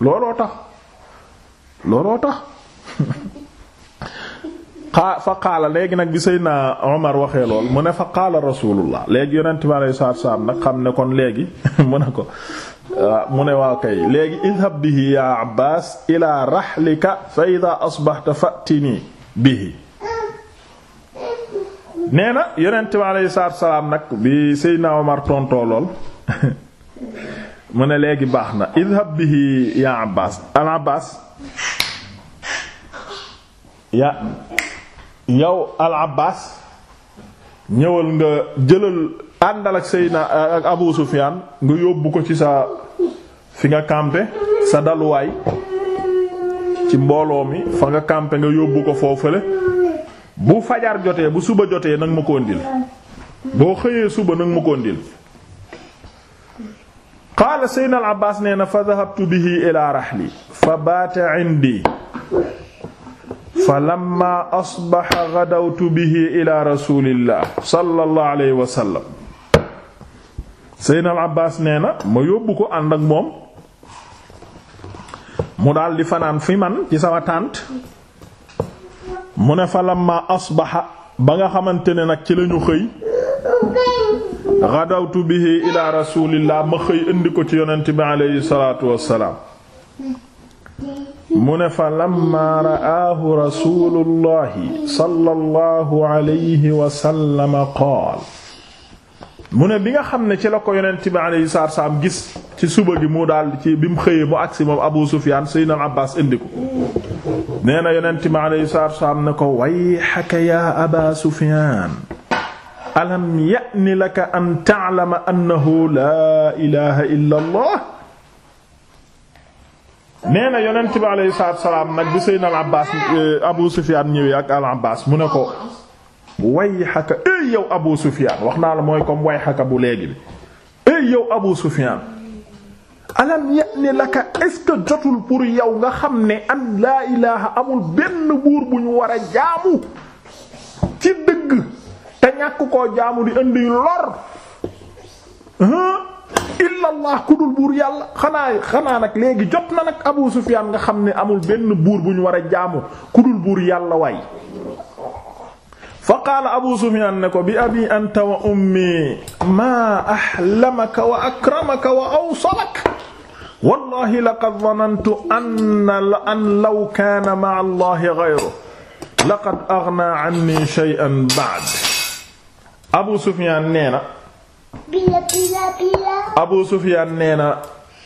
looloo tax looloo tax xaa fa qaala léegi nag bi Seydina Omar waxee lool mu ne fa qaala rasulullah léegi yonent bi alayhi salaatu salaam nag xam ne (laughs) mu ne ko ah, mu ne waa kay léegi idhab bihi ya Abbaas ila rahlika fa idha asbahta fa'tini bihi nee yonent bi alayhi salaatu salaam lool (laughs) mu ne léegi baax na idhab bihi ya Abbaas al Abbaas yow al abbas ñëwal nga jëlal àndal ak Seydina Abu Sufyan nga yóbbu ko ci sa fi nga campé sa daluwaay ci mbooloo mi fa nga campé nga yóbbu ko foofale bu fajar jotee bu suba jotee nag ma ko ndil boo xëyee suba nag ma ko ndil qaala Seydina al abbas nee na fa dhahabtu bihi ila rahli fa baata indi falamma asbaxa gadawtu bihi ila rasulillah sallallahu alayhi wa sallam seydna nee na ma yóbbu ko ànd ak moom mu daldi fanaan fi man ci sama tànt mu ne falamma asbaxa ba nga xamante ne nag ci lañu xëy gadawtu bihi ila rasulillah ma xëy indi ko ci yonent bi alayhi salatu wassalaam mu ne fa lamma ra'aahu rasulullahi sallallahu alayhi wa sallam qaal mu ne bi nga xam ne ci la ko yonent bi alayhi salaatu salaam gis ci suba gi mu daal ci bi mu xëyee mu agsi moom Abu Sufyaan Seydina Abbaas indi ko nee na yonent bi alayhi salaatu salaam ne ko wayhaka yaa Abaa Sufyaan alam ya'ni laka an ta'lama annahu laa ilaaha illa Allah nee na yonent bi alayhi salaatu salaam nag bi Seydina al Abbaas eh, Abu Sufyaan ñëwee ak al Abbaas mu ne ko wayxaka éy eh yow Abu Sufyaan wax naa la mooy comme wayxaka bu léegi bi éy eh yow Abu Sufyaan alam ya'ni laka est-ce que jotul pour yow nga xam ne an laa ilaaha amul benn buur bu ñu war a jaamu ci dëgg te ñàkk koo jaamu di indi lor illallah ku dul buur yàlla xanaa xanaa nag léegi jot na nag Abu Sufyaan nga xam ne amul benn buur bu ñu war a jaamu ku dul buur yàlla waay. fa qaala Abu Sufyaan ne ko bi abi anta wa ummi maa ahlamaka wa akramaka wa awsalaka wallahi laqad danantu anna an law kaana ma'a allahi ghayruhu laqad aghnaa anni shay'an ba'd Abu Sufyaan nee na abu sufiyaan nee na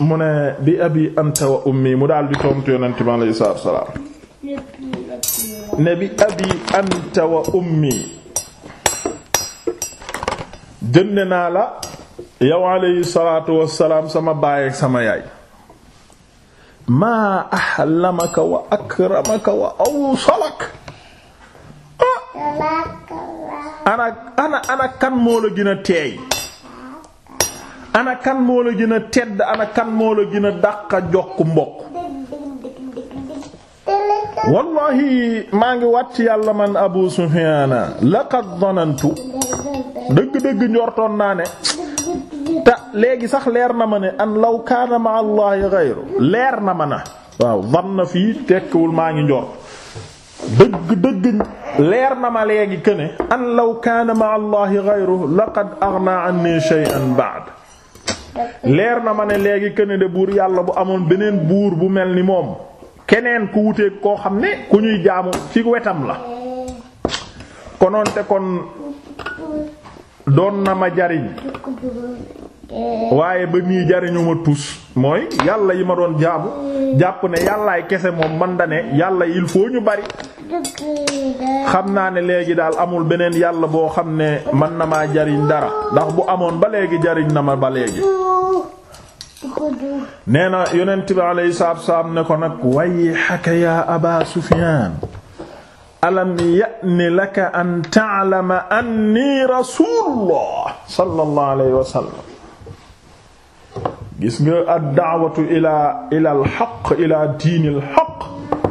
mu ne bi abi anta wa ummi mu daal di tontu yonent bi alayhi salaatu wa salaam ne bi abi anta wa ummi jënd naa la yow alayhi salaatu wassalaam sama baay sama yaay maa ahlamaka wa akramaka wa awsalak ana ana ana kan moo la gën teey ana kan moo la gën a tedd ana kan moo la gën a dàq jokk mbokk wallahi maa ngi wat ci yàlla man abu sufiyaana laqad danantu dëgg-dëgg njortoon naa ne te léegi sax leer na ma ne an law kaana ma allahi ghayru leer na ma na waaw na fii tekkiwul maa ngi njort dëgg dëgg leer na ma léegi këne an law kaana ma allahi ghayru laqad aghnaa anni shay'an ba'd leer na ma ne léegi këne de buur yàlla bu amoon beneen buur bu mel ni moom keneen ku wuteeg koo xam ne ku ñuy jaamu ci wetam la konoonte kon doon na ma jariñ waaye ba nii jariñu ma tus mooy yàlla yi ma doon jaabu jàpp ne yàllaay kese moom man da ne yàlla yil foo ñu bari xam naa ne léegi daal amul beneen yàlla boo xam ne man na maa jariñ dara ndax bu amoon ba léegi jariñ na ma ba léegi nee na yonent bi alayhi salaatu salaam ne ko nag way xaka yaa aba sufyaan alam ya'ni laka an ta'lama anni rasulullah sallallahu alayhi gis nga ad daawatu ila ila al xaq diinil xaq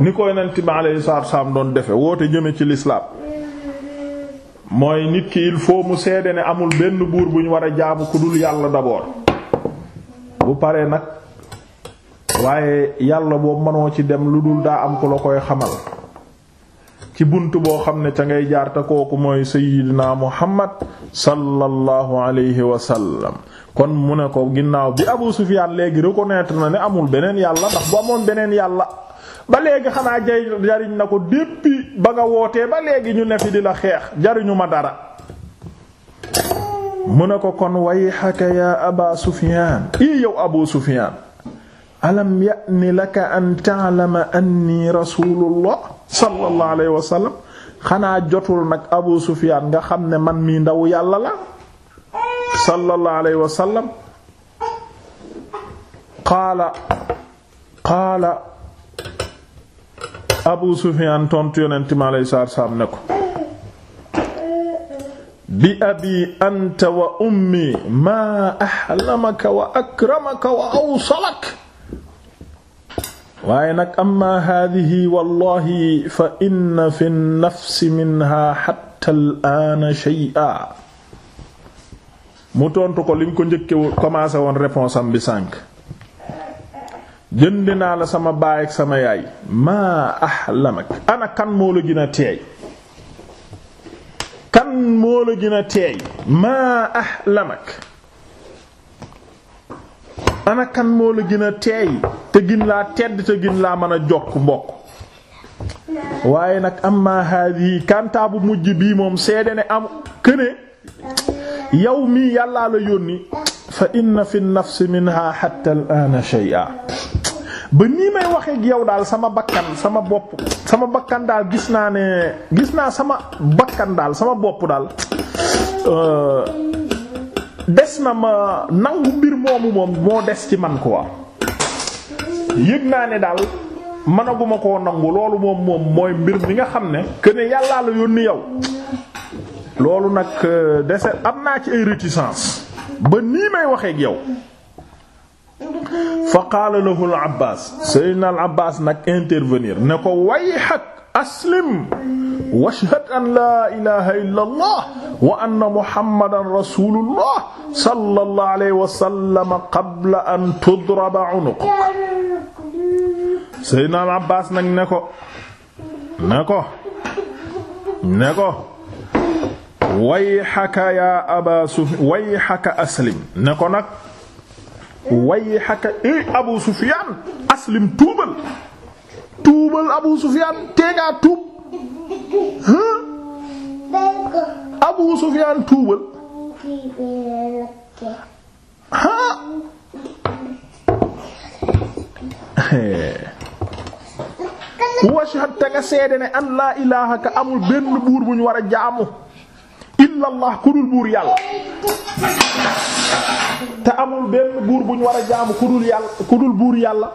ni ko yonent bi alayhi salaatu wassalaam doon defe woote jëme ci lislaam mooy nit ki il faut mu seede ne amul benn buur bu ñu war a jaamu ku dul yàlla d'abord bu paree nag waaye yàlla boobu mënoo ci dem lu dul daa am ku la koy xamal ci bunt boo xam ne ca ngay jaar kooku mooy sayyidina muhammad sallallahu alayhi wa kon mu ne ko ginnaaw bi Abu Sufyaan léegi reconnaître na ne amul beneen yàlla ndax bu amoon beneen yàlla ba léegi xanaa jay jariñ na ko depuis ba nga wootee ba léegi ñu ne fi di la xeex jariñu ma dara mu ne ko kon wayhaka ya Aba Sufyaan i yow Abu Sufyaan alam ya'ni laka an ta'lama anni rasulullah sallallahu alayhi wa xanaa jotul nag Abu Sufyaan nga xam ne man mii ndaw yàlla la sallallahu alayhi wa sallam qaala qaala Abu Sufyaan tontu yonent mi alayhi salaatu salaam ne ko bi abi anta wa ummi maa ahlamaka wa akramaka wa awsalak waaye nag amma haadihi wallahi fa inna fi nnafsi minha hatta al-aana shay'a mu tontu ko lim ko njëkkewul commencé woon réponse am bi sànq jënd naa la sama baay ak sama yaay maa ahlamak ana kan moo a teey kan moo la gën a teey maa ahlamak ana kan moo la gën a teey te gin laa tedd te gin laa mën a jokk mbokk waaye nag amma yi kanta bu mujj bii moom seede ne am këne yow mii yàllaa la yónni fa inna fi nafsi minha hatta al-ana shay'a ba nii may waxee ak yow daal sama bakkan sama bopp sama bakkan daal gis naa ne gis naa sama bakkan daal sama bopp daal euh, des na ma nangu mbir moomu moom moo des ci man quoi yëg naa ne daal mënaguma koo nangu loolu moom moom mooy mbir mi nga xam ne que ne yàllaa la yónni yow loolu nag euh, dese am naa ci ay réticence ba nii may waxee ak yow fa qaala lahu al abbas sayyidina al abbas nag intervenir ne ko wayhak aslim washhad an laa ilaha illa allah wa anna muhammadan rasulullah sallallahu alayhi wa sallam qabla an tudraba unuq sayyidina al abbas nag ne ko ne ko ne ko way xaka yaa aba sufyan way xaka aslim ne ko nag way xaka éy eh, abu sufyan aslim tuubal tuubal abu sufyan tee ngaa tuub abu sufyan tuubal washhad ta nga seede ne an laa ilaaha ka amul benn buur bu ñu war a jaamu illallah ku dul buur yàlla te amul benn buur bu ñu war jaamu ku dul yàlla ku buur yàlla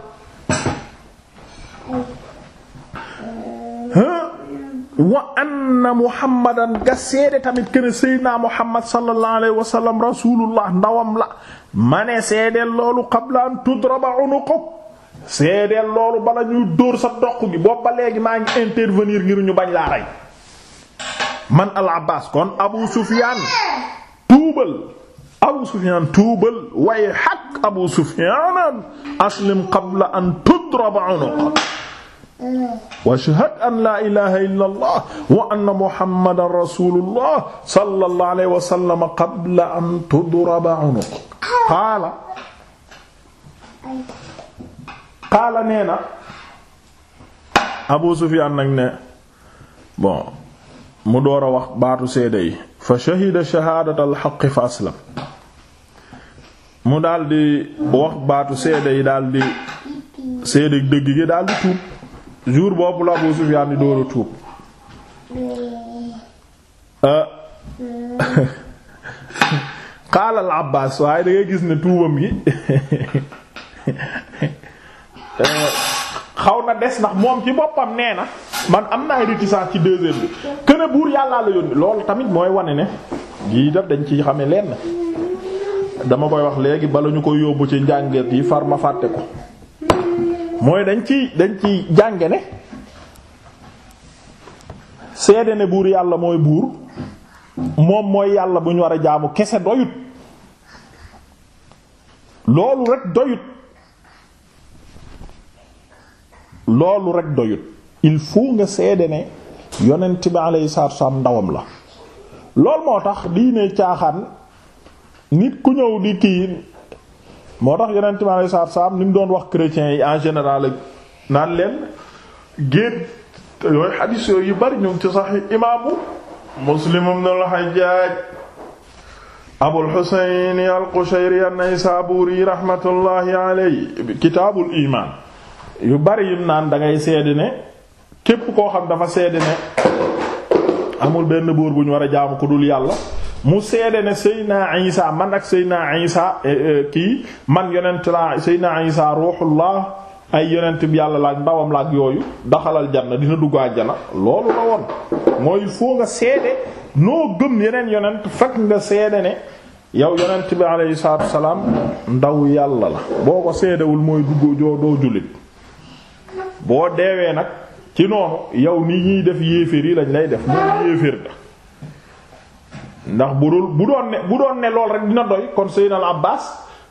wa anna muhammadan nga seede tamit kene seydina muhammad sallallahu alayhi wa sallam ndawam la ma ne seedeel loolu qabla an tudraba unuquk seedeel loolu bala ñuy dóor sa doq gi boobu ba léegi maa ngi intervenir ngir ñu bañ laa man al abbaas kon abu sufiyaan tuubal abu sufiyaan tuubal way xaq abu sufiyaan aslim qabla an tudraba unuq washhad an laa ilaha illa allah wa anna muhammadan rasulullah sallallahu alayhi wa sallam qabla an tudraba unuq qaala qaala nee na abu sufiyaan nag ne bon mu door a wax baatu seede yi fa shahida shahaadatal xaqi fa mu daldi wax baatu seede yi daldi seede dëgg gi daldi tuub jour boobu la Abu Sufyaan di door a tuub xaalal ah. (laughs) Abbaas waaye dangay gis ne tuubam gi (laughs) eh. xaw na des ndax moom ci boppam nee na man am na ay saa ci deuxième bi kën buur yàllaa la yónni loolu tamit mooy wane ne yii daf dañ ci xame lenn dama koy wax léegi bala ñu ko yóbbu ci njànget yi far ma fàtte ko mooy dañ ci dañ ci jànge ne seede ne buur yàlla mooy buur moom mooy yàlla bu ñu war a jaamu kese doyut loolu rek doyut loolu rek doyut il faut nga seede ne yonent bi alayhi salaatu wasallam ndawam la lool moo tax diine caaxaan nit ku ñëw di kii moo tax yonent bi alayhi salaatu wasallam ni doon wax chrétiens yi en général naan leen génn yooyu xadiis yooyu yu bari ñu ngi ci Sahih imaamu Muslim ibn al-Hajjaj Abul Husayn al-Qushayri an-Naysaburi rahmatullahi alayhi kitaabul iimaan yu bari yim naan dangay seede ne képp koo xam dafa seede ne amul benn buur bu ñu war a jaamu ku dul yàlla mu seede ne Seyna Isa man ak Seyna Isa eh, eh, kii man yonent laa Seyna Isa ruuxullah ay yonent bi yàlla laak ndawam laak yooyu daxalal janna dina dugg àjjana loolu la woon mooy foo nga seede noo gëm yeneen yonent fekk nga seede ne yow yonent bi alayhi salaatu wa salaam ndaw yàlla la boo ko seedewul mooy duggoo joo doo jullit boo deewee nag ci noonu yow ni ñuy def yéeféer yi lañ lay def moom yéeféer da ndax bu dul bu doon ne bu doon ne lool rek dina doy kon Seydina al Abbas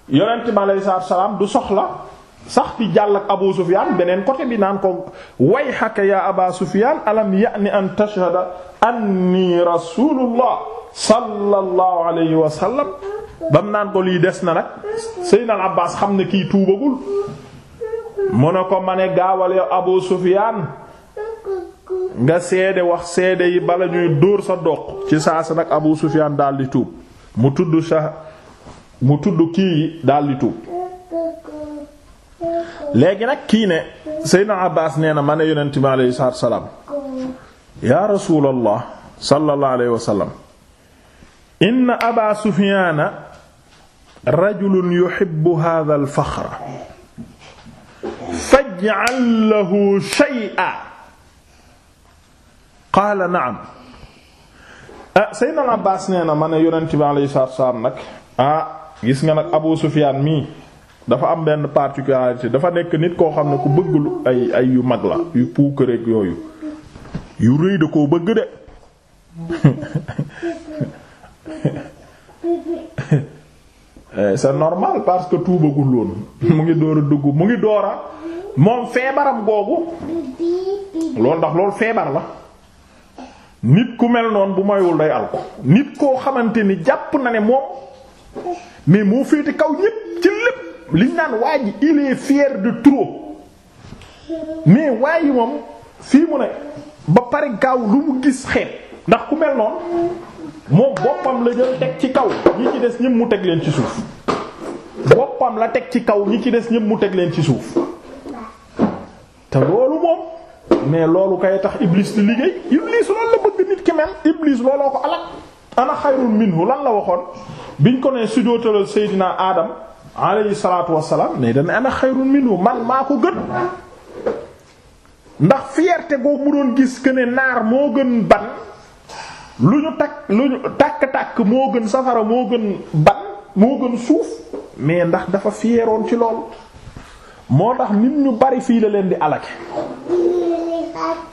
yonent bi aleyhi du soxla sax di jàll ak Abu Sufyaan beneen côté bi naan ko wayhaka ya Aba Sufyaan alam ya'ni an tashhada anni rasulullah sallallahu alayhi wa bam naan ko lii des na nag Seydina al xam ne kii tuubagul mu ne ko ma ne gaawal yow Abu Sufyaan nga seede wax seede yi bala ñuy dóor sa doq ci saa si nag Abu Sufyaan daldi tuub mu tudd sa mu tudd kii yi daldi tuub léegi nag kii ne Seydina Abbaas nee na ma ne yonent bi alayhi salaatu salaam yaa rasuulallah sallallahu alayhi wa sallam inna Abaa Sufyaana rajulun yuhibbu haadha al-faxra faj'al lahu shay'an qaala na'am ah, Seydina Abbaas nee na ma ne yonent bi alayhi salaatu salaam nag ah gis nga nag Abu Sufyaan mii dafa am benn particularité dafa nekk nit koo xam ne ku bëgg lu ay ay yu mag la yu puukareeg yooyu yu rëy da koo bëgg de (laughs) Euh, c'est normal parce que tuubagul woon mu ngi door a dugg mu ngi door moom feebaram googu loolu ndax loolu feebar la nit ku mel noon bu mayul day alko nit koo xamante ni jàpp na ne moom mais moo féeti kaw ñépp ci lépp liñ naan waa ji il fier de trop mais waa ji moom fii mu ne ba pare gaaw lu mu gis xeet ndax ku mel noonu moom boppam la jël teg ci kaw ñi ci des ñëpp mu teg leen ci suuf boppam la teg ci kaw ñi ci des ñëpp mu teg leen ci suuf te loolu moom mais loolu kay tax iblis di liggéey iblis loolu la bëgg nit ki mel iblis looloo ko alal ana xayrun minhu lan la waxoon biñ ko nee sujjóotalal seydinaa adam alayhi salaatu wassalaam mais dana ana xayrun minhu man maa ko gën ndax fierté boobu mu doon gis que naar moo gën ban lu ñu takk lu ñu takk-takk moo gën safara moo gën ban moo gën suuf mais ndax dafa fiyeroon ci lool moo tax nit ñu bari fii la leen di alake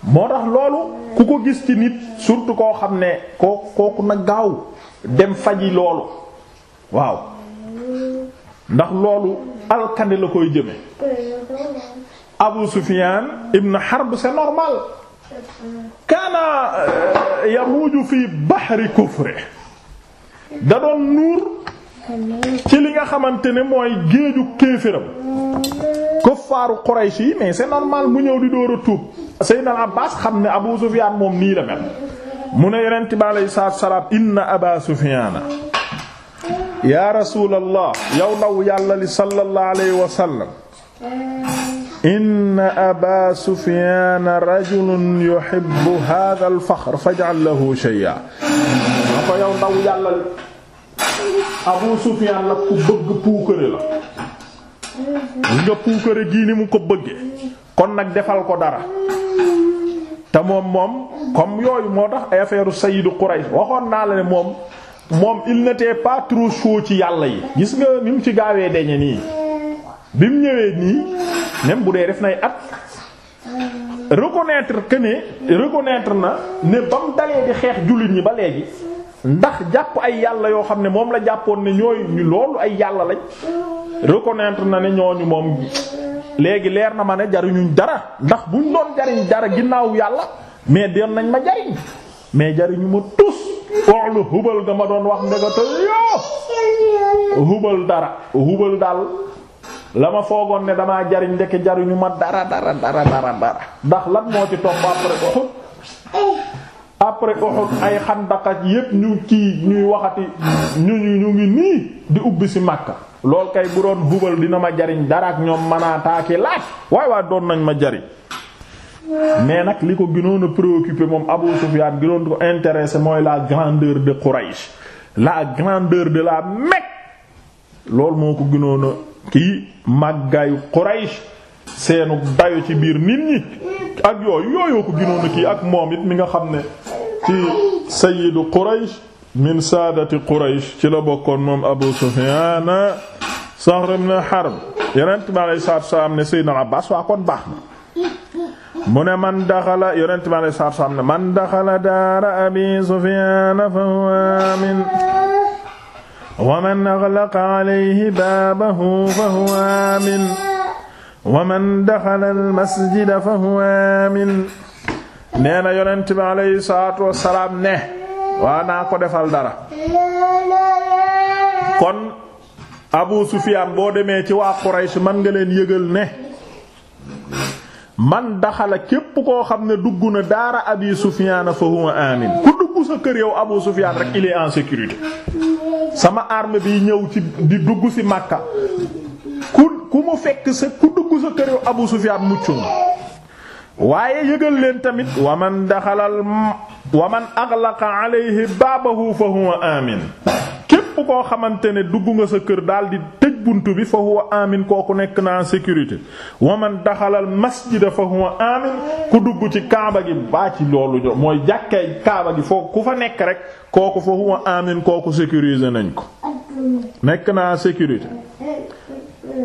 moo tax loolu ku ko gis ci nit surtout koo xam ne koo kooku na gaaw dem faji loolu waaw ndax loolu alkande la koy jëme Abu Sufyan ibn Harb c'est normal kaana eh, yamuuju fi bahri kufri da doon nuur ci li nga xamante ne mooy géeju kéeféram kuffaaru Quraysh yi mais normal mu ñëw di door a tuub Seydina Abbaas xam ne Abu Sufyaan moom nii mu ne yonent bi alayhi Aba Sufyaana yaa rasuulallah yow ndaw yàlla li sallallahu sallam inna aba sufiana rajulun yuhibbu hadha alfaxr faj'al lahu shay'a na ko yow ndaw yàlla li abu sufian la ku bëgg puukare la li nga puukare gii ni mu ko bëggee kon nag defal ko dara te moom moom comme yooyu moo tax ay affaire sayyidu Quraysh waxoon naa la ne moom moom il n'était ci yàlla yi gis nga ni mu ci gaawee deñe nii bi mu ñëwee nii même bu dee def nay at reconnaître que ne na ne ba mu dalee di xeex jullit ñi ba léegi ndax jàpp ay yàlla yoo xam ne moom la jàppoon ne ñooy ñu loolu ay yàlla lañ reconnaître na ne ñoo ñooñu moom léegi leer na ma ne jariñuñ dara ndax buñ doon jariñ dara ginnaaw yàlla mais doon nañ ma jariñ mais jariñu ma tus oxlu hubal dama doon wax ndeka te yoo hubal dara hubal daal la ma foogoon ne damaa jariñ ndeke jariñu ma dara dara dara dara dara ndax lan moo ci topp après après ay xandaka yépp ñu kii ñuy waxati ñu ñu ngi nii di ubbi si Makka lool kay bu doon hubal dina ma jariñ dara ak ñoom manaataaki laaj waay waay doon nañ ma jariñ mais nag li ko gënoon a préoccupé moom Abu Sufyan gënoon ko intéressé mooy la grandeur de Quraysh la grandeur de la Mecque loolu moo ko gënoon kii màggaayu Quraysh seenu dayo ci biir nit ñi ak yooyu yooyu ko ginoon kii ak moom it mi nga xam ne ci sayyidu Quraysh min saadati Quraysh ci la bokkoon moom Abu Sufyaan Saxr ibn Harb yonent bi alayhi salaatu salaam ne Seydina Abbaas waa kon baax na mu ne man daxala yonent bi alayhi salaatu salaam ne man daxala daara Abi Sufyaan fa huwa amin wa man aghlaqa alayhi baabahu fa huwa aamin wa man daxala almasjida fa huwa aamin nee na yonent bi alayhi salaatu wassalaam ne waa naa ko defal dara kon Abu Sufyaan boo demee ci waa Quraysh man nga leen yëgal ne man daxala képp koo xam ne dugg na daara Abi Sufyaan fa huwa aamin ku dugg sa kër yow Abu Sufyaan rek il en sécurité sama arme bi ñëw ci di dugg ci Makka ku ku mu fekk sa ku dugg sa Abu Sufyaan mucc nga waaye yëgal leen tamit wa man daxalal wa man aghlaqa alayhi baabahu fa huwa amin képp koo xamante ne dugg nga sa kër daal di tëj bunt bi fa huwa amin kooku nekk naa sécurité wa man daxalal masjida fa huwa amin ku dugg ci kaaba gi baa ci loolu mooy jàkkee kaaba gi foo ku fa nekk rek kooku fa huwa amin kooku sécurisé nañ ko nekk na sécurité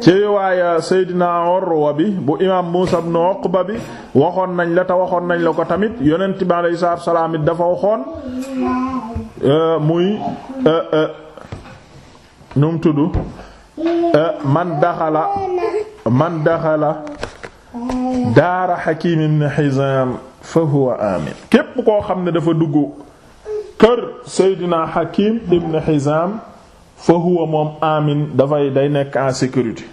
ci riwaaya Seydina Urwa bi bu imaam Muusa ibn Uqba bi waxoon nañ la te waxoon nañ la ko tamit yonent bi alayhi salaatu wa salaam it dafa waxoon euh, muy euh, euh, nu mu tudd eh, man daxala man daxala daara Hakim ibn Hizam fa huwa amin képp koo xam ne dafa dugg kër Seydina Hakim ibn Hizam fa huwa moom amin dafay day nekk en sécurité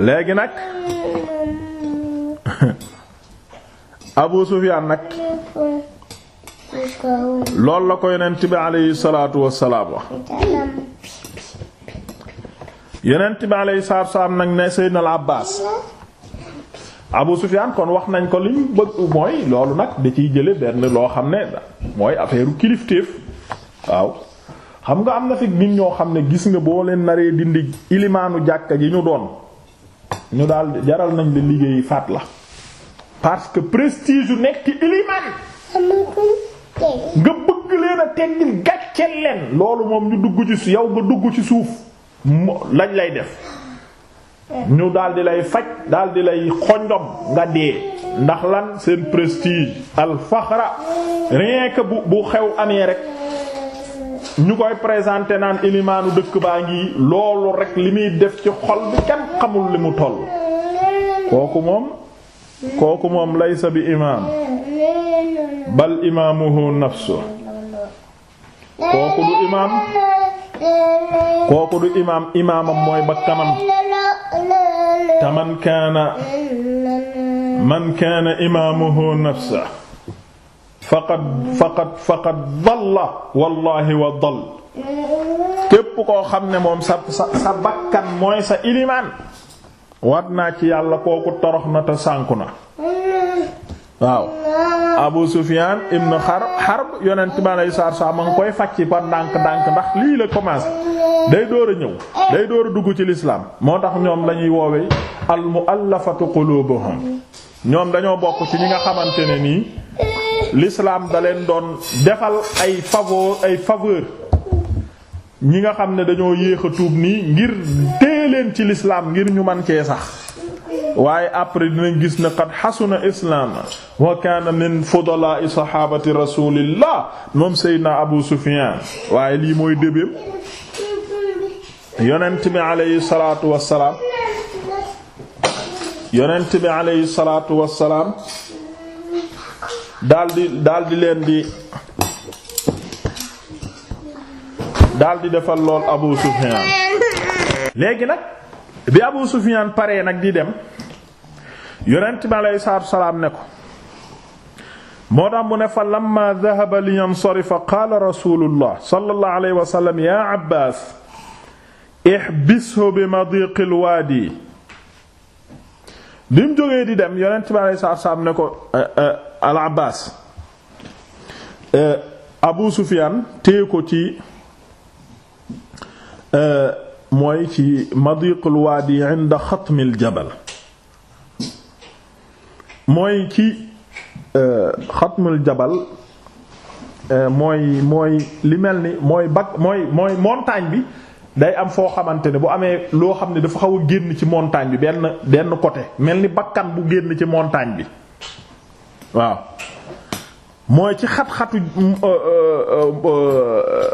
léegi nag (laughs) Abu Sufyan nag loolu la ko yonent bi aleyhi salaatu wassalaam wax yonent bi aleyhi salaatu wassalaam nag ne Seydina Abbaas Abu Sufyaan kon wax nañ ko li mu bëgg mooy loolu nag di ciy jële benn loo xam ne mooy affaire kilifteef waaw xam nga am na fi nit ñoo xam ne gis nga boo leen naree dindi ilimaanu jàkka ji ñu doon ñu daal jaral nañ la liggéey faat la parce que prestige yu nekk ilimaan nga bëgg leen a teggil leen loolu moom ñu dugg ci yow nga dugg ci suuf lañ lay def ñu daldi lay faj daal di lay xonjom nga dee ndax lan seen prestige al faxra bu xew amee rek ñu koy présenté naan ilimaanu dëkk baa ngi loolu rek li muy def ci xol bi kenn xamul li mu toll kooku moom kooku moom laysa bi imaam bal imaamuhu nafsu kooku du imaam kooku du imaam imaamam mooy bakkanam te man kaana man kaana imaamuhu nafsa faqad faqad faqad dalla wallaahi wa dall képp koo xam ne moom sa sa sa bakkan mooy sa ilimaan waat naa ci yàlla kooku torox na te sànku na waaw Abu Sufyan ibn Harb Harb yonent bi alayhi salaam ma ngi koy facc par ndànk-ndànk ndax lii la commencé day door a ñëw day door a dugg ci lislaam moo tax ñoom lañuy ñuy woowee al mu'allafatu qulubuhum ñoom dañoo bokk ci ñi nga xamante ne nii lislaam da leen doon defal ay faveur ay faveur ñi nga xam ne dañoo yéex a tuub nii ngir téye leen ci lislaam ngir ñu man cee sax waaye après dinañ gis na qad xasuna islaam wa kaana min fudalaa'i saxaabati rasulillah moom Seydina Abu Sufyaan waaye lii mooy débéem yonent bi aleyhi salaatu wassalaam yonent bi aleyhi salaatu leen di daldi defal lool Abu Sufyaan léegi nag bi Abu Sufyaan pare nag di dem yonent bi aleyhi salaatu salaam ne ko moo tax mu ne fa lamma dahaba li yansarifa qaala rasulullah sallallahu alayhi wa sallam ya abbas ihbishu bi madiqil waadi bi mu jógee di dem yonent bi aleyhi salaatu salaam ne ko eh, eh, al abbas eh, abu sufyan téye ko ci mooy ci madiqul waadi inda xatmil jabal mooy ci xatmul euh, jabal euh, mooy mooy li mel ni mooy bag mooy mooy montagne bi day am foo xamante ne bu amee loo xam ne dafa xaw a génn ci montagne bi benn benn côté mel ni bakkan bu génn ci montagne bi waaw mooy ci xat-xatu euh,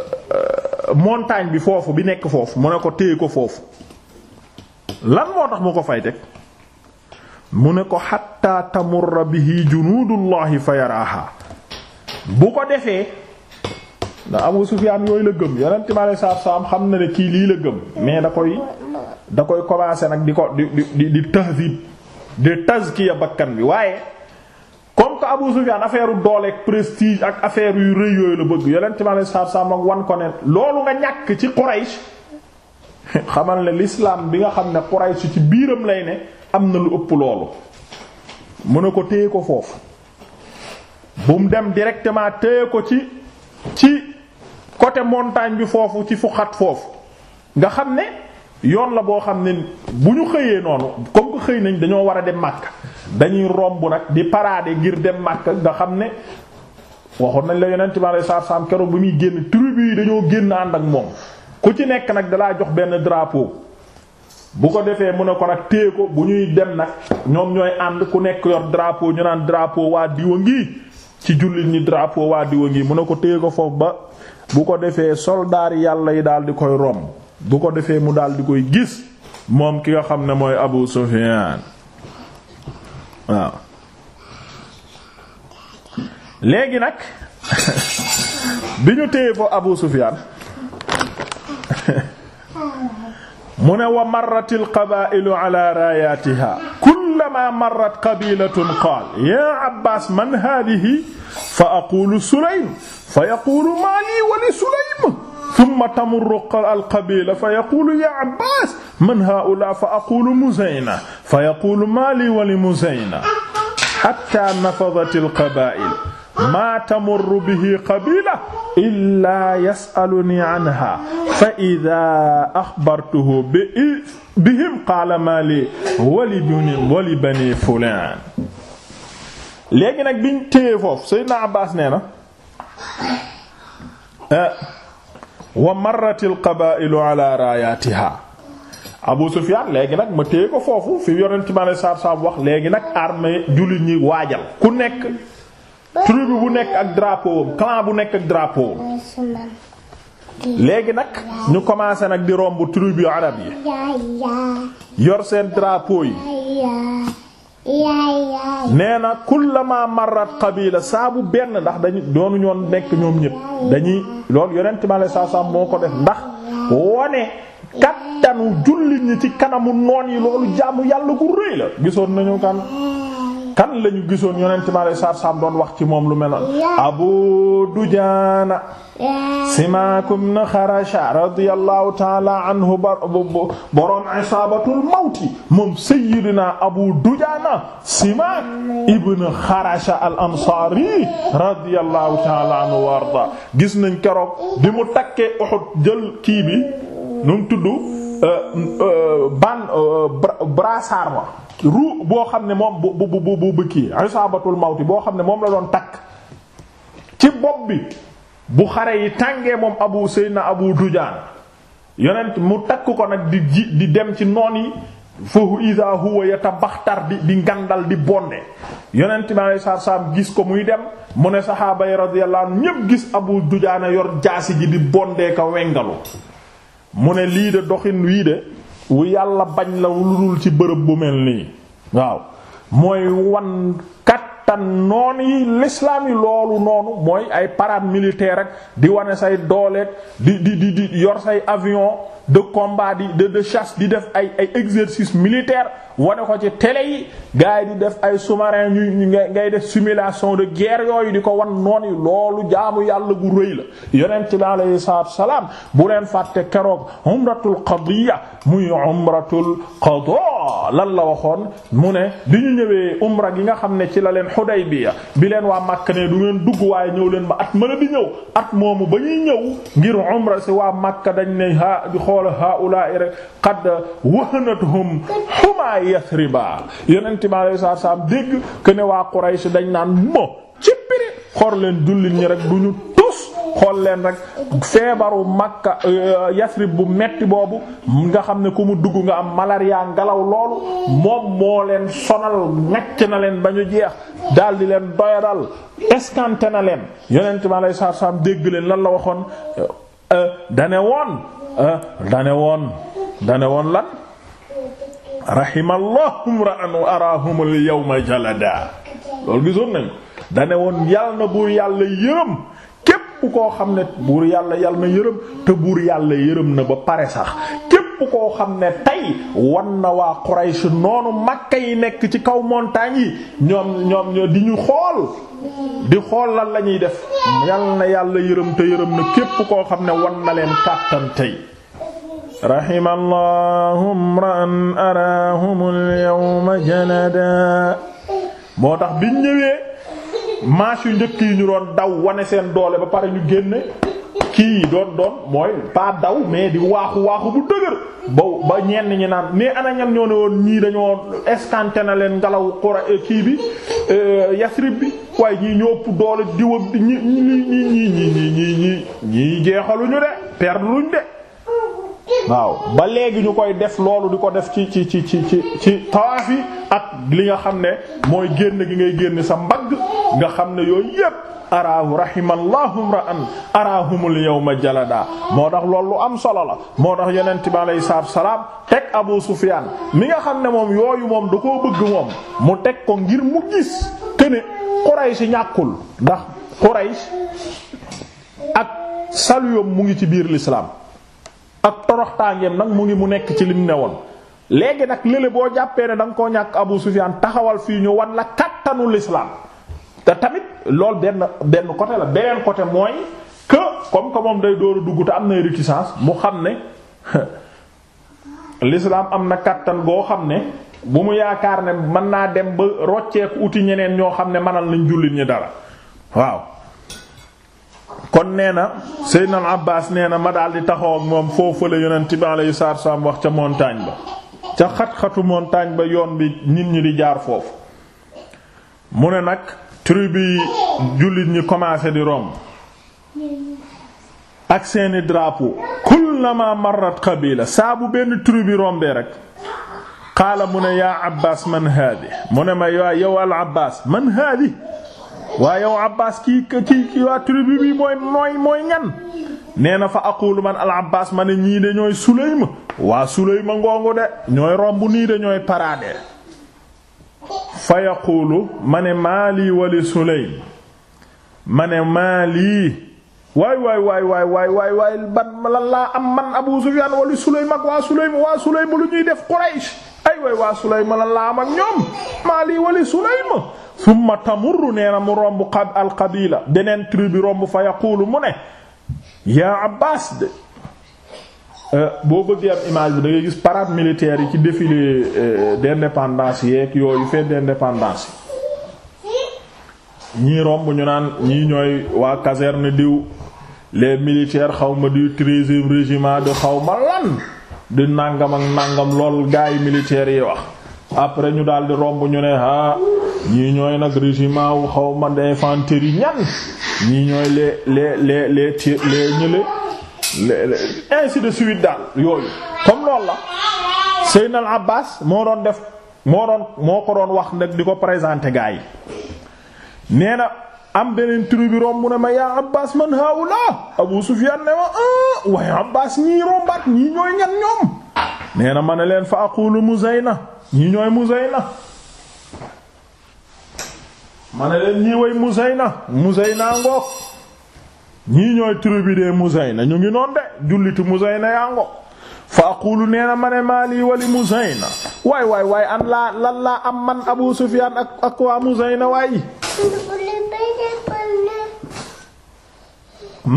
montagne bi foofu bi nekk foofu mu ne ko téye ko foofu lan moo tax mu ko fay teg mu ne ko xatta tamurra bihi junuudullahi fa yaraaha bu ko defee ndax Abu Sufyaan yooyu la gëm yonent mi alayhi salaatu salaam xam na ne kii lii la gëm mais da koy da koy commencer nag di ko di di di tahdhib di tazkiya bakkan bi waaye comme que Abu Sufyaan affaire doole ak prestige ak affaire yu rëy yooyu la bëgg yonent mi alayhi salaatu salaam nag wan ko ne loolu nga ñàkk ci Quraysh (laughs) xamal ne lislaam bi nga xam ne Quraysh ci biiram lay ne. am na lu ëpp loolu mu ne ko téye ko foofu bu mu dem directement téye ko ci ci côté montagne bi foofu ci fuxat foofu nga xam ne yoon la boo xam ne bu ñu xëyee noonu comme que xëy nañ dañoo war a dem Makka dañuy romb nag di parader ngir dem Makka nga xam ne waxoon nañ la yonent bi saa saam keroog bi muy génn tribu yi dañoo génn ànd ak moom ku ci nekk nag dalaa jox benn drapeau. bu ko defee mu ne ko nag téye ko bu ñuy dem nag ñoom ñooy ànd ku nekk yor drapo ñu naan drapeau waa diwa ngi ci jullit ñi drapeau waa diwa ngi mu ne ko téye ko foofu ba bu ko defee soldaar yàlla yi daal di koy romb bu ko defee mu dal di koy gis moom ki nga xam ne mooy Abu Sufyan waaw léegi nag (laughs) bi ñu téye foofu Abu Sufyan (laughs) mu ne wa marratil qabaa'ilu ala raayaatihaa kullamaa marrat qabiilatun qaala yaa Abbaas man haadihi fa aquulu Sulaym fa yaquulu maa lii wa li Sulaym summa tamurru al-qabiila fa yaquulu yaa Abbaas man haa'ulaa'i fa aquulu Muzayna fa yaquulu maa lii wa li Muzayna hattaa nafadatil qabaa'il maa tamurru bihi qabila illaa yas'aluni anha fa idaa axbartuhu bihim qaala maa li wali bani fulaan léegi nag biñ téye foofu Seydina Abbaas nee na eh, wa marratil qabaa'ilu ala raayaatihaa Abu Sufyaan léegi nag ma téye ko foofu fi yonent ma ne saab saab wax léegi nag armée jullit ñi waajal ku nekk tribu bu nekk ak drapeau am clan bu nekk ak drapeau léegi nag ñu commencé nag di romb tribu yu arab yi yor seen drapeau yi nee na kullama marrat qabila saabu benn ndax dañu doonu ñoon nekk ñoom ñëpp dañuy loolu yonent mi alayhi salaam moo ko def ndax wone kattanu jullit ñi ci kanamu noon yi loolu jaamu yàlla gu rëy la gisoon nañu kan kan la ñu gisoon yonent mi alayhi salaatu salaam doon wax ci moom lu meloon Abu Dujaana Simaakum na Xarasha radiyallahu ta'ala anhu borom isaabatul mawti moom sayyidina Abu Dujaana Simaak ibn Xarasha al-Ansaari radiyallahu ta'ala anhu wa arda gis nañ keroog bi mu takkee Uhud jël kii bi nu mu tudd euh, euh, ban euh, brassard ru boo xam ne moom bu bu bu bu bu kii isaabatul mawti boo xam ne moom la doon takk ci bopp bi bu xare yi tàngee moom abu na abu dujaan yonent mu takk ko nag di ji di dem ci noon yi foofu isa huwa yatabaxtar di di ngandal di bonde yonent bi alei satu gis ko muy dem mu ne saxaaba yi radiyallahu anhu ñépp gis abu dujaana yor jaasi ji di bonde wengalu mu ne lii de doxin wii de wu yàlla bañ la lu dul ci bërëb bu mel nii waaw mooy wan kattan noon yi l'islam yi loolu noonu mooy ay paramilitaire rek di wane say dooleet di di di di yor say avion de combat di de de chasse di def ay ay exercice militaire wane ko ci télé yi gars yi di def ay sous-marin ngay def simulation de guerre yooyu di ko wan noon yi loolu jaamu yàlla bu rëy la yeneen ci alayhi salaatu salaam bu leen fàtte keroog umratul qadiya muy umratul qada lan mu ne di ñu ñëwee umra gi nga xam ne ci la leen Xudaybiya bi leen waa Makka ne du ngeen dugg waaye ñëw leen ba at mën di ñëw at moomu ba ñuy ñëw ngir umra si waa Makka dañ ne ha di xoola haulaa'i rek qad wahanathum huma Yasriba yonente bi alayhi salaatu salaam dégg que ne waa Quraysh dañ naan mo ci piri xor leen jullit ñi rek duñu tus xool leen rek feebaru makka euh, yasrib bu metti boobu nga xam ne ku mu dugg nga am malaria ngelaw loolu moom moo leen sonal ngacc na leen ba ñu jeex daal di leen doyadal escanté na leen yonent bi alayhi salaatu salaam dégg leen lan la waxoon euh, dane woon euh, dane woon dane woon lan rahimallahu imra'an arahum al yawma loolu gisoon nañu dane woon yàlla na buur yàlla yërëm képp koo xam ne buur yàlla yàlla na yërëm te buur yàlla yërëm na ba pare sax képp koo xam ne tey wan na waa Quraysh noonu makk yi nekk ci kaw montagne yi ñoom ñoom ñoo di ñu xool di xool lan la ñuy def yàlla na yàlla yërëm te yërëm na képp koo xam ne wan na leen kàttan tey rahimallahu imra'an arahumul yawma janada moo tax biñ ñëwee manche yu njëkk yi ñu doon daw wane seen doole ba pare ñu génne kii yi doon doon mooy pas daw mais di waaxu waaxu bu dëgër ba ba ñenn ñi naan mais ana ñam ñoo ne woon ñii dañoo escanté na leen ngelaw xora kii bi yasrib bi waaye ñii ñoo ëpp doole diwa ñi ñi ñi ñi ñi ñi ñi ñi ñii jeexaluñu de perdre luñ de waaw ba léegi ñu koy def loolu di ko def ci ci ci ci ci ci tawaaf yi ak li nga xam ne mooy génn gi ngay génn sa mbagg nga xam ne yooyu yépp araahu rahimallahum ra'an araahumul ma jalada moo tax lool lu am solo la moo tax yonent bi alayhi salaatu salaam teg Abu Sufyaan mi nga xam ne moom yooyu moom da ko bëgg moom mu teg ko ngir mu gis këne Quraysh ñàkkul ndax Quraysh ak saluyom mu ngi ci biir lislaam ak toroxtaangeem nag mu ngi mu nekk ci lim ne woon léegi nag lële boo jàppee ne da koo ñàkk Abu Sufyaan taxawal fii ñu wan la kattanu l'islam te tamit loolu benn benn côté la beneen côté mooy que comme que moom day dóor a dugg te am na réticence mu xam ne (laughs) l'islam am na kattan goo xam ne bu mu yaakaar ne mën naa dem ba rocceeku uti ñeneen ñoo xam ne mënal nañ jullit ñi dara waaw. kon nee na Seydina al Abbaas nee na ma daal di taxaw ak moom foofu la yonent bi alayhi salaatu wassalaam wax ca montagne ba ca xat-xatu montagne ba yoon bi nit ñi di jaar foofu mu ne nag tribu yi jullit ñi commencé di romb ak seeni drapeau kullama marrat qabila saa bu benn tribu rombee rek qaala mu ne yaa Abbaas man haadi mu ne ma yaa yow al Abbaas man haadi waaye yow Abbas kii kii waa tribu bi mooy mooy mooy ñan nee na fa aqulu man al Abbas ma ne ñii de ñooy Sulaym waa Sulaym ngongu de ñooy romb nii de ñooy parade fa yaqulu ma ne maali wali Sulaym ma ne maali waay waay waay waay waay waay waay ban lan am man Abu Sufyan wali Sulaym ak waa Sulaym waa Sulaym lu ñuy def Quraysh ay way waa Sulayma la laam ak ñoom maa wali Sulayma summa tamurru nee mu romb qab alqabila beneen tribu romb fa yaqulu mu ne yaa Abbaas de euh, boo bëggee am image bi da ngay gis parade militaire yi ci défilé euh, d'indépendance yeeg yooyu fête d'indépendance ñii romb ñu naan ñii ñooy waa caserne diw les militaires xawma du treizième régiment de xawma lan di nàngam ak nàngam lool gars yi militaires yi wax après ñu daal di romb ñu ne ah ñii ñooy nag régiment wu xaw ma d'infanterie ñan ñii ñooy les les les les les ñële ainsi de suite daal yooyu comme loolu la Seynal Abbas moo doon def moo doon moo ko doon wax nag di ko présenté gars yi nee na am beneen tribu romb na ma yaa Abbas man haula Abu Sufyan ne ma ah waaye Abbas ñii rombaat ñii ñooy ñan ñoom nee na ma ne leen fa aqulu Muzayna ñii ñooy Muzayna ma ne leen ñii way Muzayna Muzayna ngoog ñii ñooy tribu de Muzayna ñu ngi noon de jullitu Muzayna yaa ngoog fa aqulu nee na ma ne maali wali Muzayna waay waay waay an laa lan laa am man Abu Sufyaan ak ak waa Muzayna waay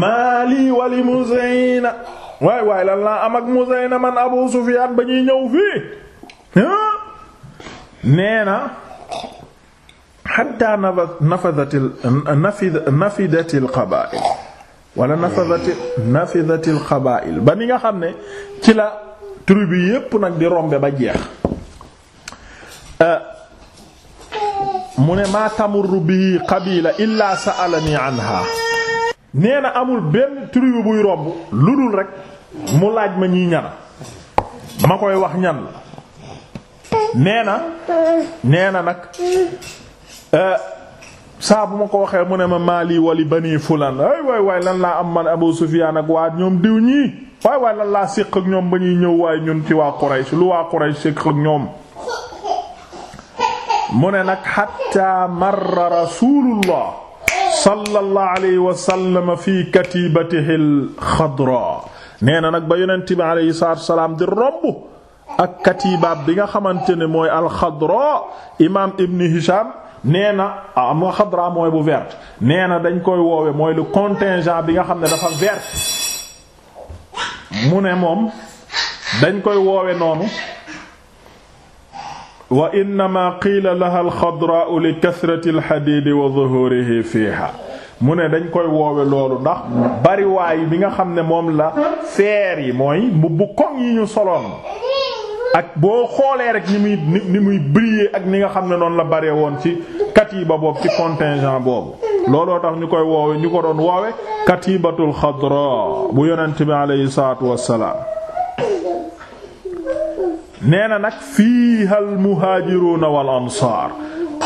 maali wali Muzayna waay waay lan laa am ak Muzayna man Abu Sufyaan ba ñuy ñëw fii nee na hatta nafidatil qabaa'il wala nafidati nafidatil xabaa'il ba ni nga xam ne ci la tribu yépp nag di rombe ba jeex euh, mu ne maa tamurru bi qabila illa sa'alani anha nee na amul benn tribu buy romb lu dul rek mu laaj ma ñi ñan ma koy wax ñan la nee na nee na nag euh, saa bu ma ko waxee mu ne ma maali wali bani fulan ay waay waay lan laa am man Abu Sufyaan ak waa ñoom diw ñii waay waay lan laa séq ñoom ba ñuy ñëw waaye ñun ci waa Quraysh lu waa Quraysh séq ak ñoom mu ne nag xatta marra rasulullah sallallahu alayhi wa sallam fi katibatihi al-xadra nee na nag ba yonent bi alayhi salaatu wasalaam di romb ak katibaab bi nga xamante ne mooy al imaam Ibn Hisham nee na am ah, mooy bu verte nee na dañ koy woowe mooy le contingent bi nga xam ne dafa verte mu ne moom dañ koy woowe noonu wa innama qiila laha alxadraau li kasrati alxadidi wa zuhurihi fiiha mu ne dañ koy woowe loolu ndax bariwaay bi nga xam ne moom la feer yi mooy mbubb koŋ yi ñu soloon ak boo xoolee rek ni muy ni muy ak ni nga xam ne noonu la bare woon ci katiba boobu ci contingent boobu looloo tax ñu koy woowe ñu ko doon woowe katibatul xadra bu yonent bi aleyhi salaatu wassalaam nee na nag fii al muhaajiruuna wal ansaar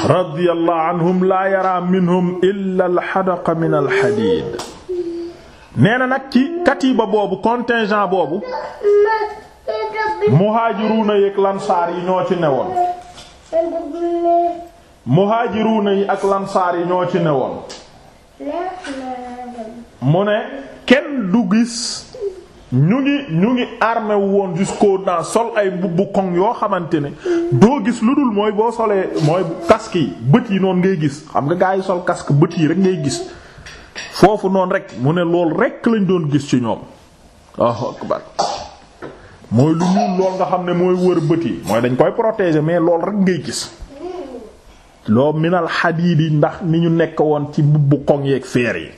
radiyallahu anhum laa yara minhum illa al min al nee na nag ci katiba boobu contingent boobu muhaajiruuna yi ak lansaar yi ñoo ci newoon muhaajiruuna yi ak lansaar yi ñoo ci newoon mu ne kenn du gis ñu ngi ñu ngi armé woon jusqu'aux dents sol ay mbubbu koŋ yoo xamante ne doo gis lu dul mooy boo solee mooy casque yi bët yi noon ngay gis xam nga gaa yi sol casque bët yi rek ngay gis foofu noonu rek mu ne lool rek lañ doon gis ci ñoom mooy lu ñuul lool nga xam ne mooy wër bët mooy dañ koy protéger mais lool rek ngay gis loo minal xadiid yi ndax mi ñu nekk woon ci bubbu koŋ yeeg feer yi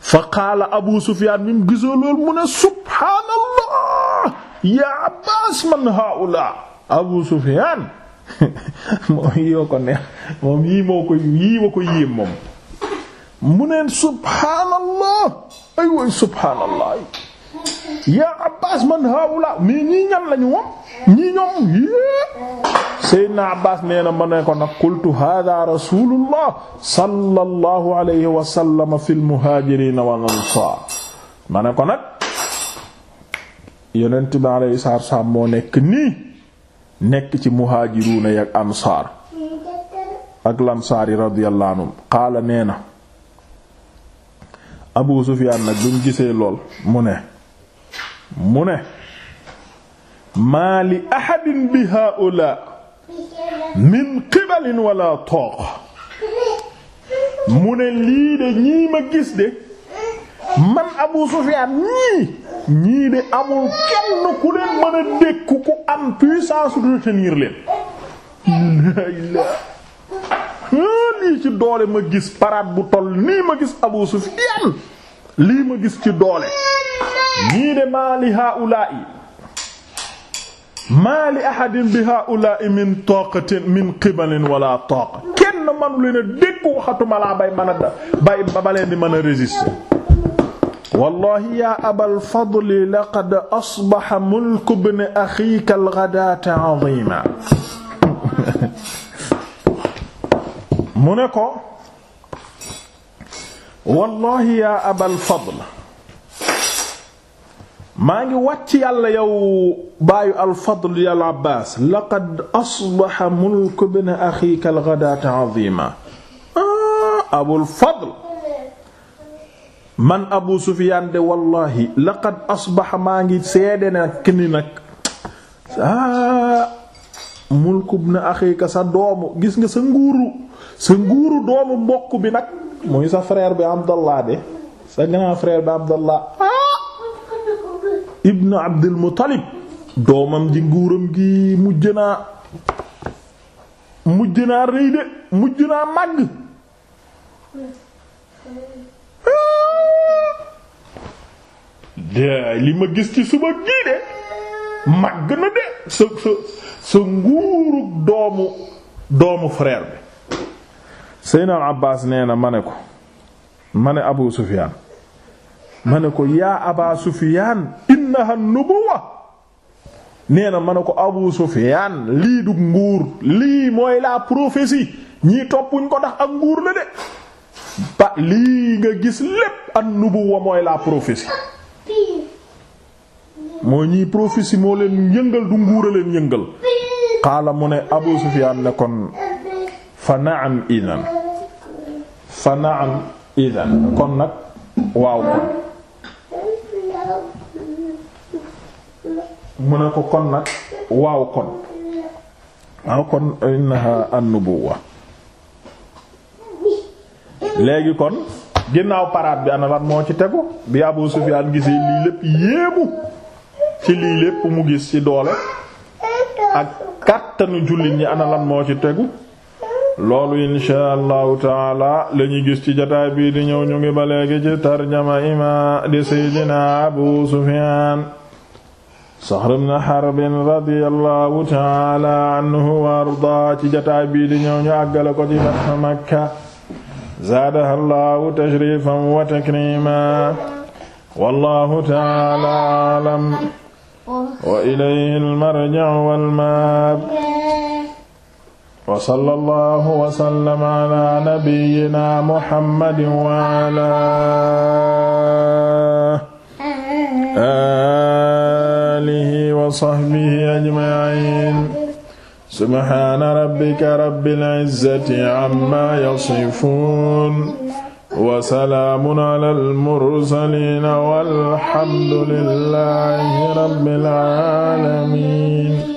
fa qaala abu sufiyaan mi mu gisoo lool mu ne subhaanallah ya abbaas (laughs) moom yoo ko neex moom yii moo ko yii ma ko yéem moom mu neen subhaanallah ay way subhaanallah yaa Abbas man haawula mais ñii ñan lañu ñoom yépp Seydina Abbas nee na ma ne ko nag qultu hada rasulullah sallallahu alayhi wa sallam fil muhaajiriina ansaar ma ne ko nag yonent bi alayhi nekk ci muhaajiruuna yak ansaar ak lansaari radiyallahu anhum qaala nee na Abu Sufyaan nag bi gisee lool mu ne mu ne maa li ahadin bi haula min qibalin wala tooq mu ne lii de ñii ma gis de man Abu Sufyan ñii ñii de amul kenn ku leen mën a dékku ku am puissance retenir leen la lii ci doole ma gis paraat bu toll nii ma gis Abu Sufyan lii ma gis ci doole nii de maa li haa'ulaa'i maa li ahadin bi haa'ulaa'i min taqatin min qibalin wala taqa kenn manu leen a dékku waxatuma laa bay mën a bay ba leen di mën a résister wallahi yaa abal fadli laqad asbaha mulku ibn axiika alghadaata azima (laughs) mu ne ko wallahi yaa abal fadl maa ngi wàcc yàlla yow baayu alfadl ya al abbaas laqad asbaxa mulku ibn axiika alxadaata azima ah, abul fadl man abu sufiyaan de wallahi laqad asbaxa maa ngi seede nag kini nag ah, mulku ibn axiika sa doomu gis nga sa nguuru sa nguuru doomu mbokk bi nag muy sa frère bi abdallah de sa grand frère bi abdallah ah, ibnu abdul muttalib doomam ji nguuram gi mujj naa mujj naa rëy de mujj naa màgg li ma gis ci suba gii de màgg na de sa sa sa nguurug doomu doomu frère bi Seynal Abbas nee na ma ne ko ma ne Abu Sufyaan ma ne ko yaa aba sufiyaan innaha nubuwa nee na ma ne ko abu sufiyaan lii du nguur lii mooy la prophétie ñii toppuñ ko dax ak nguur la de ba lii nga gis lépp nubu nubuwa mooy la prophétie moo ñii prophétie moo leen yëngal du nguur a leen yëngal xaala mu ne abu sufiyaan ne kon fa naam idan fa kon nag waaw kon mu ne ko kon nag waaw kon waaw kon innaha an-nubuwwa léegi kon ginnaaw paraat bi ana moo ci tegu bi Abu Sufyaan gisee lii lépp yéemu ci lii lépp mu gis ci doole ak kàttanu jullit ñi ana lan moo ci tegu loolu insha allahu taala lañuy gis ci jotaay bii di ñëw ñu ngi ba léegi ci tarjama ima di Seydina Abu Sufyaan Saxr ibn Harb radiyallahu ta'ala anhu wa ardaa ci jataay bii di ñëw ñu àggale ko ci fathu Makka zaadaha Allahu tashrifan wa takriman wallahu ta'ala a'lam wa ilayhi al-marji'u wal ma'ab wa sallallahu wa sallama ala nabiyyina Muhammadin wa ala wa sahbihi ajma'in subhaana rabbika rabbil izzati amma yasifuun wa salaamun alal mursaliin walhamdu lillaahi rabbil aalamiin